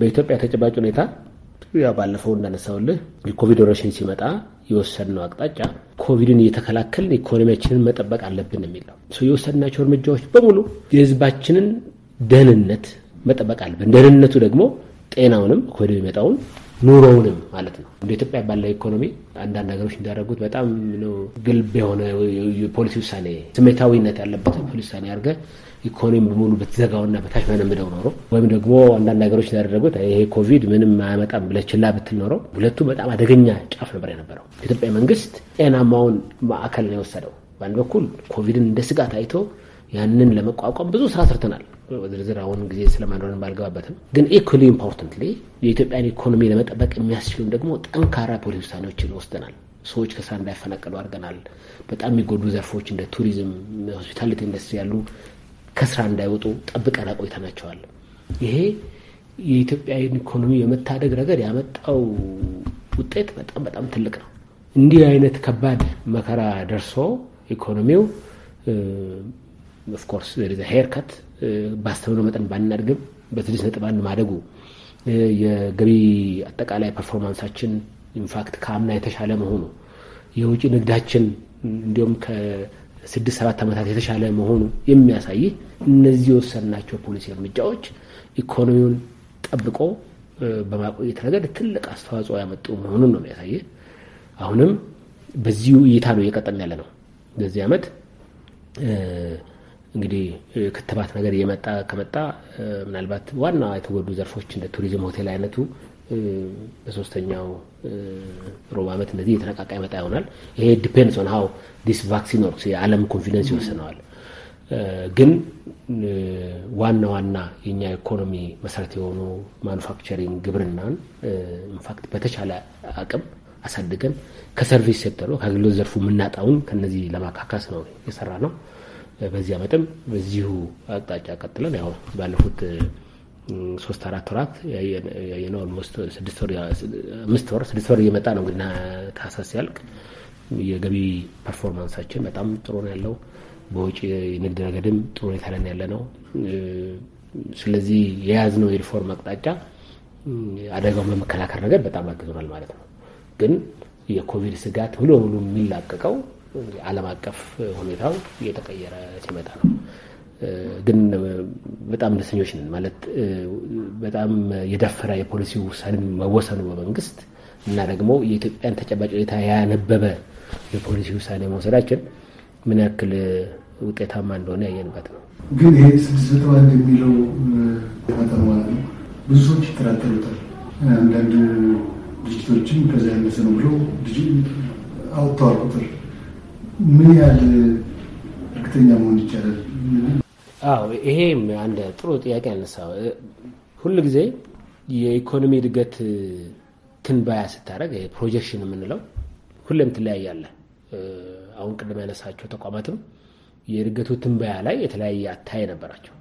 Speaker 4: በኢትዮጵያ ተጨባጭ ሁኔታ ያው ባለፈው እንዳነሳውልህ የኮቪድ ወረርሽኝ ሲመጣ የወሰድነው አቅጣጫ ኮቪድን እየተከላከልን ኢኮኖሚያችንን መጠበቅ አለብን የሚለው የወሰድናቸው እርምጃዎች በሙሉ የህዝባችንን ደህንነት መጠበቅ አለብን። ደህንነቱ ደግሞ ጤናውንም ኮቪድ የሚመጣውን ኑሮውንም ማለት ነው። እንደ ኢትዮጵያ ባለው ኢኮኖሚ አንዳንድ ሀገሮች እንዳደረጉት በጣም ግልብ የሆነ የፖሊሲ ውሳኔ ስሜታዊነት ያለበት ፖሊሲ ውሳኔ አድርገ ኢኮኖሚ በሙሉ ብትዘጋውና በታች በነምደው ኖሮ ወይም ደግሞ አንዳንድ ሀገሮች እንዳደረጉት ይሄ ኮቪድ ምንም አያመጣም ብለህ ችላ ብትል ኖሮ ሁለቱ በጣም አደገኛ ጫፍ ነበር የነበረው። ኢትዮጵያ መንግስት ጤናማውን ማዕከል ነው የወሰደው። በአንድ በኩል ኮቪድን እንደ ስጋት አይቶ ያንን ለመቋቋም ብዙ ስራ ሰርተናል። ዝርዝር አሁን ጊዜ ስለማንሆን ባልገባበትም፣ ግን ኢኩሊ ኢምፖርታንትሊ የኢትዮጵያን ኢኮኖሚ ለመጠበቅ የሚያስችሉን ደግሞ ጠንካራ ፖሊሲ ውሳኔዎችን ወስደናል። ሰዎች ከስራ እንዳይፈናቀሉ አድርገናል። በጣም የሚጎዱ ዘርፎች እንደ ቱሪዝም፣ ሆስፒታሊቲ ኢንዱስትሪ ያሉ ከስራ እንዳይወጡ ጠብቀን አቆይተናቸዋል። ይሄ የኢትዮጵያን ኢኮኖሚ በመታደግ ረገድ ያመጣው ውጤት በጣም በጣም ትልቅ ነው። እንዲህ አይነት ከባድ መከራ ደርሶ ኢኮኖሚው ኦፍኮርስ ሄርከት ባሰብነው መጠን ባናድግም በስድስት ነጥብ አንድ ማደጉ የገቢ አጠቃላይ ፐርፎርማንሳችን ኢንፋክት ከአምና የተሻለ መሆኑ የውጭ ንግዳችን እንዲሁም ከስድስት ሰባት ዓመታት የተሻለ መሆኑ የሚያሳይ እነዚህ የወሰንናቸው ፖሊሲ እርምጃዎች ኢኮኖሚውን ጠብቆ በማቆየት ረገድ ትልቅ አስተዋጽኦ ያመጡ መሆኑን ነው የሚያሳይ። አሁንም በዚሁ እይታ ነው እየቀጠልን ያለ ነው። በዚህ ዓመት እንግዲህ ክትባት ነገር እየመጣ ከመጣ ምናልባት ዋና የተጎዱ ዘርፎች እንደ ቱሪዝም፣ ሆቴል አይነቱ በሶስተኛው ሩብ ዓመት እንደዚህ የተነቃቃ ይመጣ ይሆናል። ይሄ ዲፔንድስ ኦን ሃው ዲስ ቫክሲን ወርክስ የዓለም ኮንፊደንስ ይወስነዋል። ግን ዋና ዋና የኛ ኢኮኖሚ መሰረት የሆኑ ማኑፋክቸሪንግ፣ ግብርናን ኢንፋክት በተቻለ አቅም አሳድገን ከሰርቪስ ሴክተሩ ከአገልግሎት ዘርፉ የምናጣውን ከነዚህ ለማካካስ ነው የሰራ ነው። በዚህ ዓመትም በዚሁ አቅጣጫ ቀጥለን ያው ባለፉት ሶስት አራት ወራት ያየነው ኦልሞስት ወር አምስት ወር ስድስት ወር እየመጣ ነው እንግዲህ ታህሳስ ሲያልቅ የገቢ ፐርፎርማንሳችን በጣም ጥሩ ነው ያለው። በውጭ የንግድ ረገድም ጥሩ ሁኔታ ላይ ያለ ነው። ስለዚህ የያዝነው የሪፎርም አቅጣጫ አደጋውን በመከላከል ረገድ በጣም አግዞናል ማለት ነው። ግን የኮቪድ ስጋት ሙሉ በሙሉ የሚላቀቀው ዓለም አቀፍ ሁኔታው እየተቀየረ ሲመጣ ነው። ግን በጣም ደስተኞች ነን ማለት በጣም የደፈረ የፖሊሲ ውሳኔ መወሰኑ በመንግስት እና ደግሞ የኢትዮጵያን ተጨባጭ ሁኔታ ያነበበ የፖሊሲ ውሳኔ መውሰዳችን ምን ያክል ውጤታማ እንደሆነ ያየንበት ነው።
Speaker 6: ግን ይሄ ስድስት ነጥብ አንድ የሚለው መጠን ማለት ነው ብዙ ሰዎች ይከራከሩታል። አንዳንድ ድርጅቶችም ከዚያ ያነሰ ነው ብለው አውጥተዋል ቁጥር ምን ያህል እርግጠኛ መሆን ይቻላል?
Speaker 4: አዎ ይሄ አንድ ጥሩ ጥያቄ ያነሳ። ሁሉ ጊዜ የኢኮኖሚ እድገት ትንባያ ስታደረግ ፕሮጀክሽን የምንለው ሁሌም ትለያያለ። አሁን ቅድም ያነሳቸው ተቋማትም የእድገቱ ትንባያ ላይ የተለያየ አታይ ነበራቸው።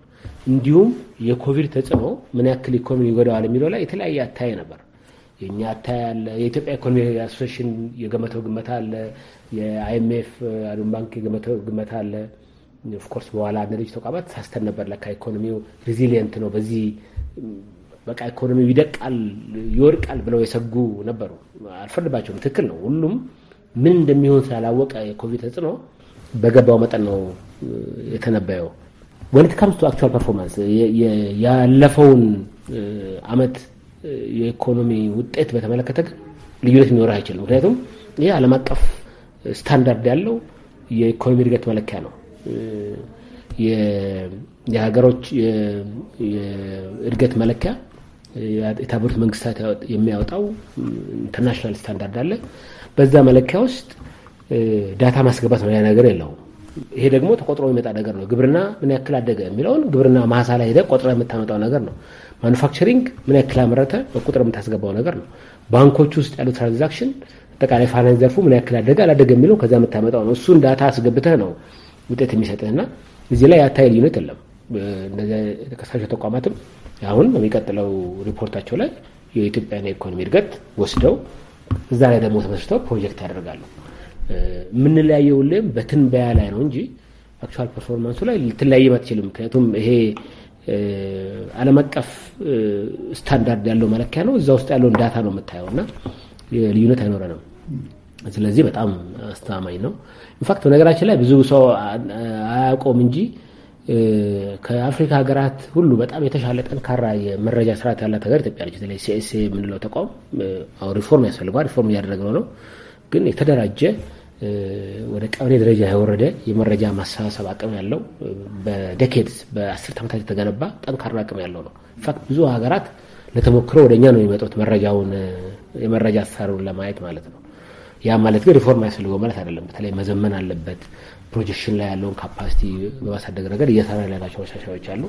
Speaker 4: እንዲሁም የኮቪድ ተጽዕኖ ምን ያክል ኢኮኖሚ ይጎዳዋል የሚለው ላይ የተለያየ አታይ ነበር። የእኛ አታይ አለ። የኢትዮጵያ ኢኮኖሚ አሶሴሽን የገመተው ግመታ አለ። የአይኤምኤፍ ዓለም ባንክ ግመት አለ። ኦፍኮርስ በኋላ አንዳንዶች ተቋማት ሳስተን ነበር። ለካ ኢኮኖሚው ሪዚሊየንት ነው፣ በዚህ በቃ ኢኮኖሚው ይደቃል ይወድቃል ብለው የሰጉ ነበሩ። አልፈርድባቸውም። ትክክል ነው። ሁሉም ምን እንደሚሆን ስላላወቀ የኮቪድ ተጽዕኖ በገባው መጠን ነው የተነበየው። ወንት ካምስ ቱ አክቹዋል ፐርፎርማንስ ያለፈውን አመት የኢኮኖሚ ውጤት በተመለከተ ግን ልዩነት ሊኖረህ አይችልም። ምክንያቱም ይህ ዓለም አቀፍ ስታንዳርድ ያለው የኢኮኖሚ እድገት መለኪያ ነው። የሀገሮች እድገት መለኪያ የተባበሩት መንግስታት የሚያወጣው ኢንተርናሽናል ስታንዳርድ አለ። በዛ መለኪያ ውስጥ ዳታ ማስገባት ነው ነገር የለውም። ይሄ ደግሞ ተቆጥሮ የሚመጣ ነገር ነው። ግብርና ምን ያክል አደገ የሚለውን ግብርና ማሳ ላይ ሄደ ቆጥረ የምታመጣው ነገር ነው። ማኑፋክቸሪንግ ምን ያክል አመረተ በቁጥር የምታስገባው ነገር ነው። ባንኮች ውስጥ ያሉ ትራንዛክሽን አጠቃላይ ፋይናንስ ዘርፉ ምን ያክል አደገ አላደገ የሚለው ከዛ የምታመጣው ነው። እሱን ዳታ አስገብተህ ነው ውጤት የሚሰጥህና እዚህ ላይ ያታይ ልዩነት የለም። እነዚ ተከሳሽ ተቋማትም አሁን በሚቀጥለው ሪፖርታቸው ላይ የኢትዮጵያን የኢኮኖሚ እድገት ወስደው እዛ ላይ ደግሞ ተመስርተው ፕሮጀክት ያደርጋሉ። የምንለያየው ሁሌም በትንበያ ላይ ነው እንጂ አክቹዋል ፐርፎርማንሱ ላይ ልትለያይም አትችልም። ምክንያቱም ይሄ ዓለም አቀፍ ስታንዳርድ ያለው መለኪያ ነው። እዛ ውስጥ ያለውን ዳታ ነው የምታየው እና ልዩነት አይኖረንም። ስለዚህ በጣም አስተማማኝ ነው። ኢንፋክት በነገራችን ላይ ብዙ ሰው አያውቀውም እንጂ ከአፍሪካ ሀገራት ሁሉ በጣም የተሻለ ጠንካራ የመረጃ ስርዓት ያላት ሀገር ኢትዮጵያ ነች። በተለይ ሲኤስኤ የምንለው ተቋም ሪፎርም ያስፈልገዋል። ሪፎርም እያደረግ ነው። ግን የተደራጀ ወደ ቀበሌ ደረጃ የወረደ የመረጃ ማሰባሰብ አቅም ያለው በዴኬድስ በአስርት ዓመታት የተገነባ ጠንካራ አቅም ያለው ነው። ኢንፋክት ብዙ ሀገራት ለተሞክሮ ወደ እኛ ነው የሚመጡት መረጃውን የመረጃ አሰራሩን ለማየት ማለት ነው። ያ ማለት ግን ሪፎርም አያስፈልገው ማለት አይደለም። በተለይ መዘመን አለበት። ፕሮጀክሽን ላይ ያለውን ካፓሲቲ በማሳደግ ረገድ እየሰራ ያላቸው መሻሻያዎች አሉ።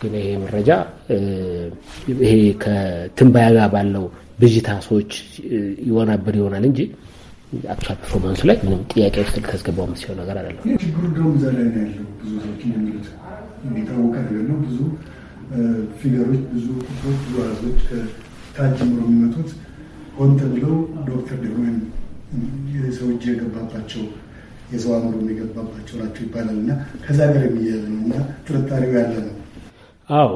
Speaker 4: ግን ይሄ መረጃ ይሄ ከትንባያ ጋር ባለው ብዥታ ሰዎች ይወናብር ይሆናል እንጂ አክቹዋል ፐርፎርማንሱ ላይ ምንም ጥያቄ ውስጥ ልታስገባው ምስሲሆ ነገር አይደለም።
Speaker 6: የሚታወቀ ነገር ነው። ብዙ ፊገሮች፣ ብዙ ብዙ አሃዞች ከታች ጀምሮ የሚመጡት ሆን ተብለው ዶክተር ደግሞ የሰው እጅ የገባባቸው የሰው አእምሮ የገባባቸው ናቸው ይባላል እና ከዛ ጋር የሚያያዝ ነው እና ጥርጣሬው ያለ ነው።
Speaker 4: አዎ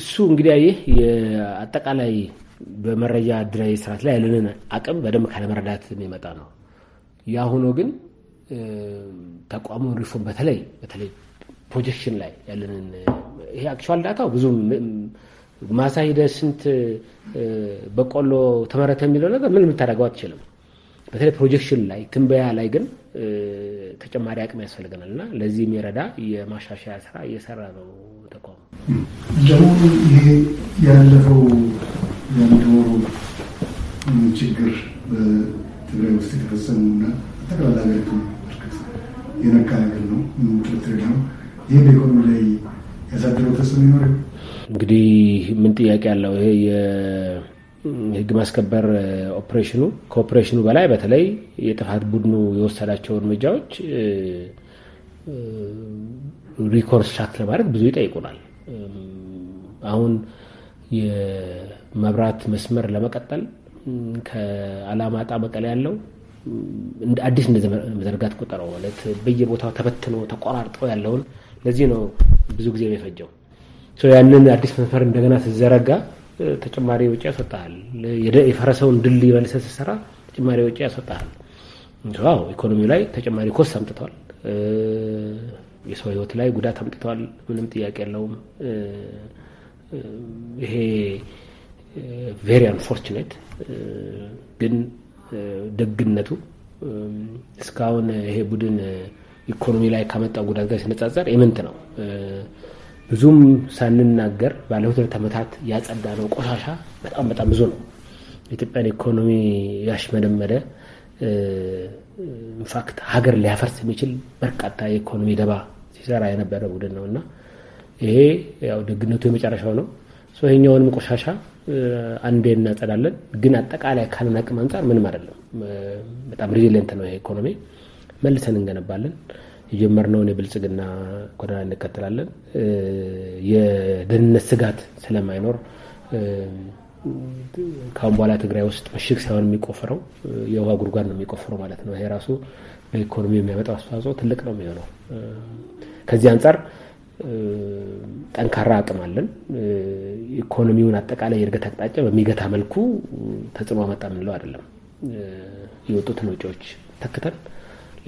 Speaker 4: እሱ እንግዲህ ይህ የአጠቃላይ በመረጃ ድራይ ስርዓት ላይ ያለንን አቅም በደንብ ካለመረዳት የሚመጣ ነው። ያ ሆኖ ግን ተቋሙን ሪፎርም በተለይ በተለይ ፕሮጀክሽን ላይ ያለንን ይሄ አክቹዋል ዳታው ብዙ ማሳ ሂደህ ስንት በቆሎ ተመረተ የሚለው ነገር ምን የምታደርገው አትችልም። በተለይ ፕሮጀክሽን ላይ ትንበያ ላይ ግን ተጨማሪ አቅም ያስፈልገናል እና ለዚህ የሚረዳ የማሻሻያ ስራ እየሰራ ነው ተቋሙ።
Speaker 6: ደግሞ ይሄ ያለፈው የአንድ ወሩ ችግር በትግራይ ውስጥ የተፈጸሙ እና ጠቅላላ ሀገሪቱ እርግጥ የነካ ነገር ነው፣ ጥርጥር ነው። ይህ በኢኮኖሚ ላይ ያሳደረው ተጽዕኖ
Speaker 5: ይኖር
Speaker 4: እንግዲህ ምን ጥያቄ ያለው ይሄ የህግ ማስከበር ኦፕሬሽኑ ከኦፕሬሽኑ በላይ በተለይ የጥፋት ቡድኑ የወሰዳቸው እርምጃዎች ሪኮንስትራክት ለማድረግ ብዙ ይጠይቁናል። አሁን የመብራት መስመር ለመቀጠል ከአላማጣ መቀሌ ያለው አዲስ እንደመዘርጋት ቁጠረው ማለት በየቦታው ተበትኖ ተቆራርጦ ያለውን ለዚህ ነው ብዙ ጊዜ የፈጀው ያንን አዲስ መስመር እንደገና ስዘረጋ ተጨማሪ ወጪ ያስወጣል። የፈረሰውን ድልድይ መልሰህ ስትሰራ ተጨማሪ ወጪ ያስወጣል። ዋው ኢኮኖሚው ላይ ተጨማሪ ኮስት አምጥተዋል። የሰው ህይወት ላይ ጉዳት አምጥተዋል። ምንም ጥያቄ የለውም። ይሄ ቬሪ አንፎርችኔት ግን ደግነቱ እስካሁን ይሄ ቡድን ኢኮኖሚ ላይ ካመጣው ጉዳት ጋር ሲነጻጸር የምንት ነው። ብዙም ሳንናገር ባለ ሁለት ዓመታት ያጸዳ ነው ቆሻሻ በጣም በጣም ብዙ ነው። የኢትዮጵያን ኢኮኖሚ ያሽመደመደ ኢንፋክት ሀገር ሊያፈርስ የሚችል በርካታ የኢኮኖሚ ደባ ሲሰራ የነበረ ቡድን ነው እና ይሄ ያው ደግነቱ የመጨረሻው ነው። ይሄኛውንም ቆሻሻ አንዴ እናጸዳለን፣ ግን አጠቃላይ ካለን አቅም አንጻር ምንም አይደለም። በጣም ሪዚሊየንት ነው ይሄ ኢኮኖሚ፣ መልሰን እንገነባለን። የጀመርነውን የብልጽግና ጎዳና እንከተላለን። የደህንነት ስጋት ስለማይኖር ካሁን በኋላ ትግራይ ውስጥ ምሽግ ሳይሆን የሚቆፍረው የውሃ ጉድጓድ ነው የሚቆፍረው ማለት ነው። ይሄ ራሱ ለኢኮኖሚ የሚያመጣው አስተዋጽኦ ትልቅ ነው የሚሆነው። ከዚህ አንጻር ጠንካራ አቅም አለን። ኢኮኖሚውን አጠቃላይ የእድገት አቅጣጫ በሚገታ መልኩ ተጽዕኖ መጣ የምንለው አይደለም። የወጡትን ውጪዎች ተክተን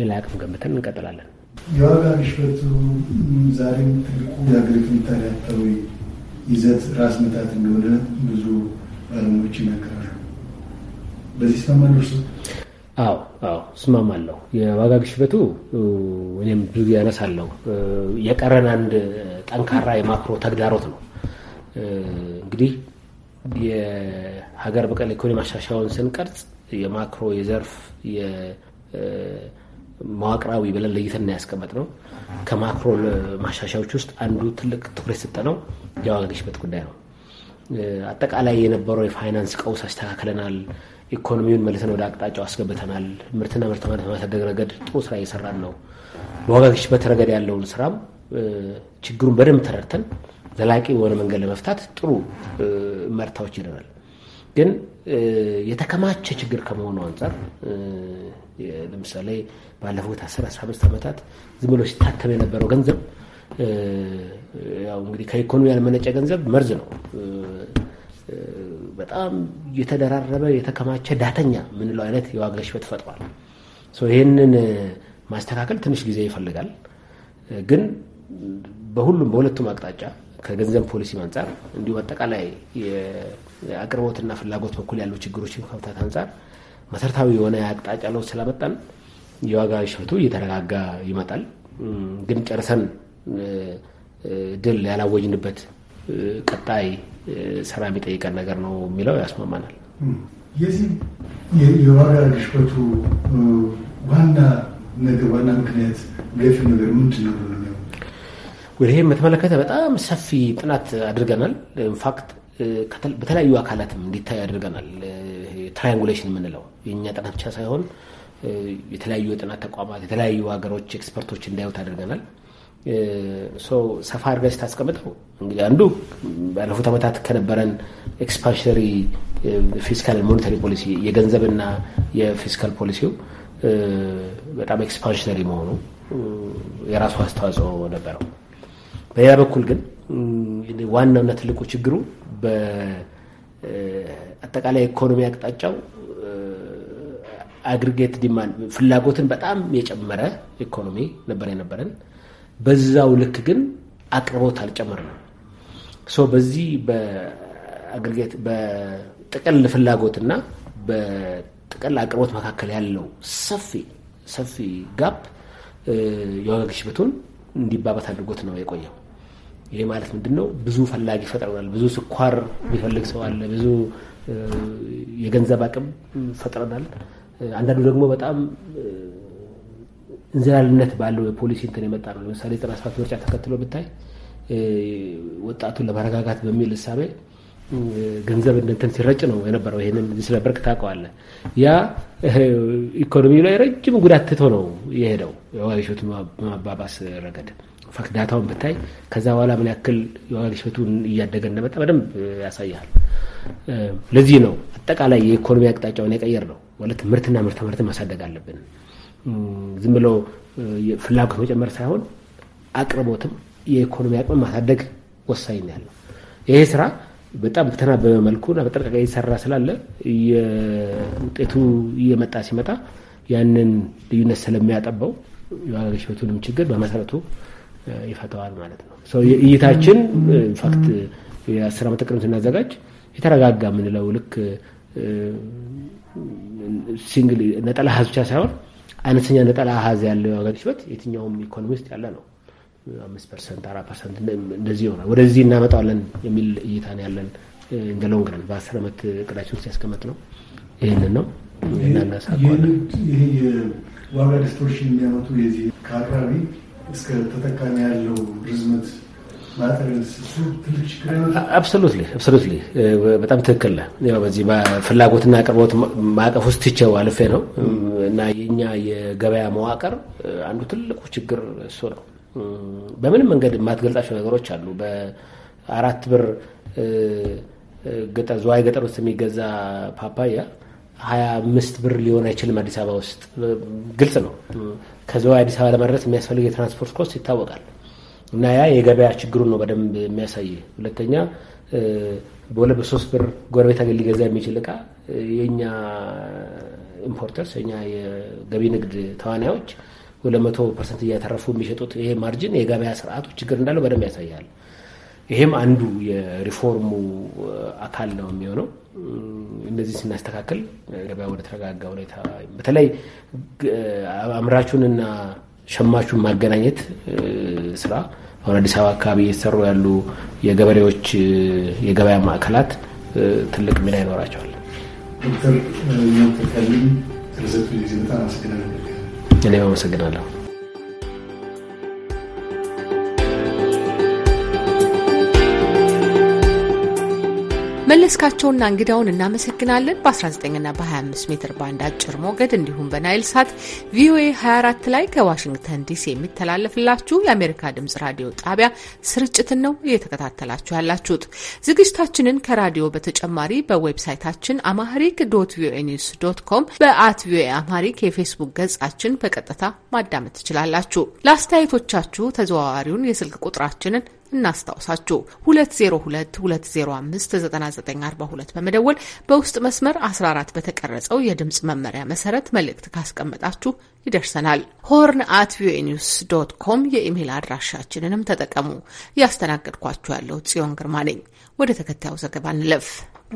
Speaker 4: ሌላ አቅም ገንብተን እንቀጥላለን።
Speaker 6: የዋጋ ግሽበቱ ዛሬም ትልቁ የሀገሪቱ ምታሪያታዊ ይዘት ራስ ምታት እንደሆነ ብዙ ባለሙያዎች ይነገራሉ። በዚህ ስማማሉ እርሱ?
Speaker 4: አዎ አዎ፣ ስማማለሁ። የዋጋ ግሽበቱ እኔም ብዙ ያነሳለሁ። የቀረን አንድ ጠንካራ የማክሮ ተግዳሮት ነው። እንግዲህ የሀገር በቀል ኢኮኖሚ ማሻሻያውን ስንቀርጽ የማክሮ የዘርፍ መዋቅራዊ ብለን ለይተን ያስቀመጥ ነው። ከማክሮ ማሻሻዎች ውስጥ አንዱ ትልቅ ትኩረት የሰጠ ነው የዋጋ ግሽበት ጉዳይ ነው። አጠቃላይ የነበረው የፋይናንስ ቀውስ አስተካክለናል። ኢኮኖሚውን መልሰን ወደ አቅጣጫው አስገብተናል። ምርትና ምርታማነት በማሳደግ ረገድ ጥሩ ስራ እየሰራን ነው። በዋጋ ግሽበት ረገድ ያለውን ስራም ችግሩን በደንብ ተረድተን ዘላቂ በሆነ መንገድ ለመፍታት ጥሩ መርታዎች ይደናል። ግን የተከማቸ ችግር ከመሆኑ አንጻር ለምሳሌ ባለፉት 15 ዓመታት ዝም ብሎ ሲታተም የነበረው ገንዘብ ያው እንግዲህ ከኢኮኖሚ ያልመነጨ ገንዘብ መርዝ ነው። በጣም የተደራረበ የተከማቸ ዳተኛ የምንለው አይነት የዋጋ ግሽበት ፈጥሯል። ይህንን ማስተካከል ትንሽ ጊዜ ይፈልጋል። ግን በሁሉም በሁለቱም አቅጣጫ ከገንዘብ ፖሊሲ አንጻር እንዲሁም አጠቃላይ የአቅርቦትና ፍላጎት በኩል ያሉ ችግሮችን ከመፍታት አንጻር መሰረታዊ የሆነ አቅጣጫ ለውጥ ስላመጣን የዋጋ ግሽበቱ እየተረጋጋ ይመጣል። ግን ጨርሰን ድል ያላወጅንበት ቀጣይ ስራ የሚጠይቀን ነገር ነው የሚለው ያስማማናል።
Speaker 6: የዚህ የዋጋ ግሽበቱ ዋና ነገር ዋና ምክንያት ገፊ ነገር ምንድን ነው?
Speaker 4: ይህን በተመለከተ በጣም ሰፊ ጥናት አድርገናል። ኢንፋክት በተለያዩ አካላትም እንዲታይ አድርገናል። ትራያንጉሌሽን የምንለው የእኛ ጥናት ብቻ ሳይሆን የተለያዩ የጥናት ተቋማት፣ የተለያዩ ሀገሮች ኤክስፐርቶች እንዳዩት አድርገናል። ሰፋ አድርገን ስታስቀምጠው እንግዲህ አንዱ ባለፉት ዓመታት ከነበረን ኤክስፓንሽነሪ ፊስካል ሞኔታሪ ፖሊሲ የገንዘብና የፊስካል ፖሊሲው በጣም ኤክስፓንሽነሪ መሆኑ የራሱ አስተዋጽኦ ነበረው። በሌላ በኩል ግን ዋናውና ትልቁ ችግሩ በአጠቃላይ ኢኮኖሚ አቅጣጫው አግሪጌት ዲማንድ ፍላጎትን በጣም የጨመረ ኢኮኖሚ ነበር የነበረን። በዛው ልክ ግን አቅርቦት አልጨመርንም። በዚህ በአግሪጌት በጥቅል ፍላጎትና በጥቅል አቅርቦት መካከል ያለው ሰፊ ሰፊ ጋፕ የዋጋ ግሽበቱን አድርጎት ነው የቆየው። ይሄ ማለት ምንድን ነው? ብዙ ፈላጊ ፈጥረናል። ብዙ ስኳር የሚፈልግ ሰው አለ። ብዙ የገንዘብ አቅም ፈጥረናል። አንዳንዱ ደግሞ በጣም እንዝላልነት ባለው የፖሊሲ እንትን የመጣ ነው። ለምሳሌ ዘጠና ምርጫ ተከትሎ ብታይ ወጣቱን ለማረጋጋት በሚል እሳቤ ገንዘብ እንትን ሲረጭ ነው የነበረው። ይህንን ስለበርክ ታውቀዋለህ። ያ ኢኮኖሚ ላይ ረጅም ጉዳት ትቶ ነው የሄደው የዋጋ ማባባስ ረገድ ፈክዳታውን ብታይ ከዛ በኋላ ምን ያክል የዋጋ ግሽበቱ እያደገ እንደመጣ በደንብ ያሳያል። ለዚህ ነው አጠቃላይ የኢኮኖሚ አቅጣጫውን የቀየር ነው ማለት ምርትና ምርት ማሳደግ አለብን። ዝም ብሎ ፍላጎት መጨመር ሳይሆን አቅርቦትም የኢኮኖሚ አቅም ማሳደግ ወሳኝ ነው ያለው። ይሄ ስራ በጣም በተናበበ መልኩና በጥንቃቄ ይሰራ ስላለ ውጤቱ እየመጣ ሲመጣ ያንን ልዩነት ስለሚያጠበው የዋጋ ግሽበቱንም ችግር በመሰረቱ ይፈተዋል ማለት ነው። እይታችን ኢንፋክት uh, uh, የአስር ዓመት እቅድም ስናዘጋጅ የተረጋጋ የምንለው ልክ ሲንግል uh, ነጠላ አሀዝ ብቻ ሳይሆን አነስተኛ ነጠላ ሀዝ ያለው ዋጋ ግሽበት የትኛውም ኢኮኖሚ ውስጥ ያለ ነው። አምስት ፐርሰንት አራት ፐርሰንት እንደዚህ ይሆናል። ወደዚህ እናመጣዋለን የሚል እይታ ነው ያለን። እንደ ሎንግ ረን በአስር ዓመት እቅዳችን ውስጥ ያስቀመጥ ነው ይህንን ነው እናናሳቋለን።
Speaker 6: ይህ የዋጋ ዲስቶርሽን የሚያመጡ የዚህ ከአቅራቢ እስከ ተጠቃሚ ያለው ርዝመት
Speaker 4: አብሶሉትሊ አብሶሉትሊ በጣም ትክክል ነው። በዚህ ፍላጎትና አቅርቦት ማዕቀፍ ውስጥ ትቼው አልፌ ነው እና የኛ የገበያ መዋቅር አንዱ ትልቁ ችግር እሱ ነው። በምንም መንገድ የማትገልጣቸው ነገሮች አሉ። በአራት ብር ዝዋይ ገጠር ውስጥ የሚገዛ ፓፓያ ሀያ አምስት ብር ሊሆን አይችልም አዲስ አበባ ውስጥ ግልጽ ነው። ከዚ አዲስ አበባ ለመድረስ የሚያስፈልግ የትራንስፖርት ኮስት ይታወቃል እና ያ የገበያ ችግሩን ነው በደንብ የሚያሳይ። ሁለተኛ በሁለት በሶስት ብር ጎረቤት አገር ሊገዛ የሚችል እቃ የእኛ ኢምፖርተርስ የኛ የገቢ ንግድ ተዋናዮች ሁለት መቶ ፐርሰንት እያተረፉ የሚሸጡት ይሄ ማርጅን የገበያ ስርዓቱ ችግር እንዳለው በደንብ ያሳያል። ይሄም አንዱ የሪፎርሙ አካል ነው የሚሆነው። እነዚህ ስናስተካክል ገበያ ወደ ተረጋጋ ሁኔታ በተለይ አምራቹንና ሸማቹን ማገናኘት ስራ አሁን አዲስ አበባ አካባቢ እየተሰሩ ያሉ የገበሬዎች የገበያ ማዕከላት ትልቅ ሚና ይኖራቸዋል። ዶክተር እኔም አመሰግናለሁ።
Speaker 2: መለስካቸውና እንግዳውን እናመሰግናለን። በ19ና በ25 ሜትር ባንድ አጭር ሞገድ እንዲሁም በናይል ሳት ቪኦኤ 24 ላይ ከዋሽንግተን ዲሲ የሚተላለፍላችሁ የአሜሪካ ድምጽ ራዲዮ ጣቢያ ስርጭትን ነው እየተከታተላችሁ ያላችሁት። ዝግጅታችንን ከራዲዮ በተጨማሪ በዌብሳይታችን አማሪክ ዶት ቪኦኤ ኒውስ ዶት ኮም፣ በአት ቪኦኤ አማሪክ የፌስቡክ ገጻችን በቀጥታ ማዳመጥ ትችላላችሁ። ለአስተያየቶቻችሁ ተዘዋዋሪውን የስልክ ቁጥራችንን እናስታውሳችሁ 2022059942 በመደወል በውስጥ መስመር 14 በተቀረጸው የድምፅ መመሪያ መሰረት መልእክት ካስቀመጣችሁ ይደርሰናል። ሆርን አት ቪኦኤ ኒውስ ዶት ኮም የኢሜይል አድራሻችንንም ተጠቀሙ። እያስተናገድኳችሁ ያለው ጽዮን ግርማ ነኝ። ወደ ተከታዩ ዘገባ እንለፍ።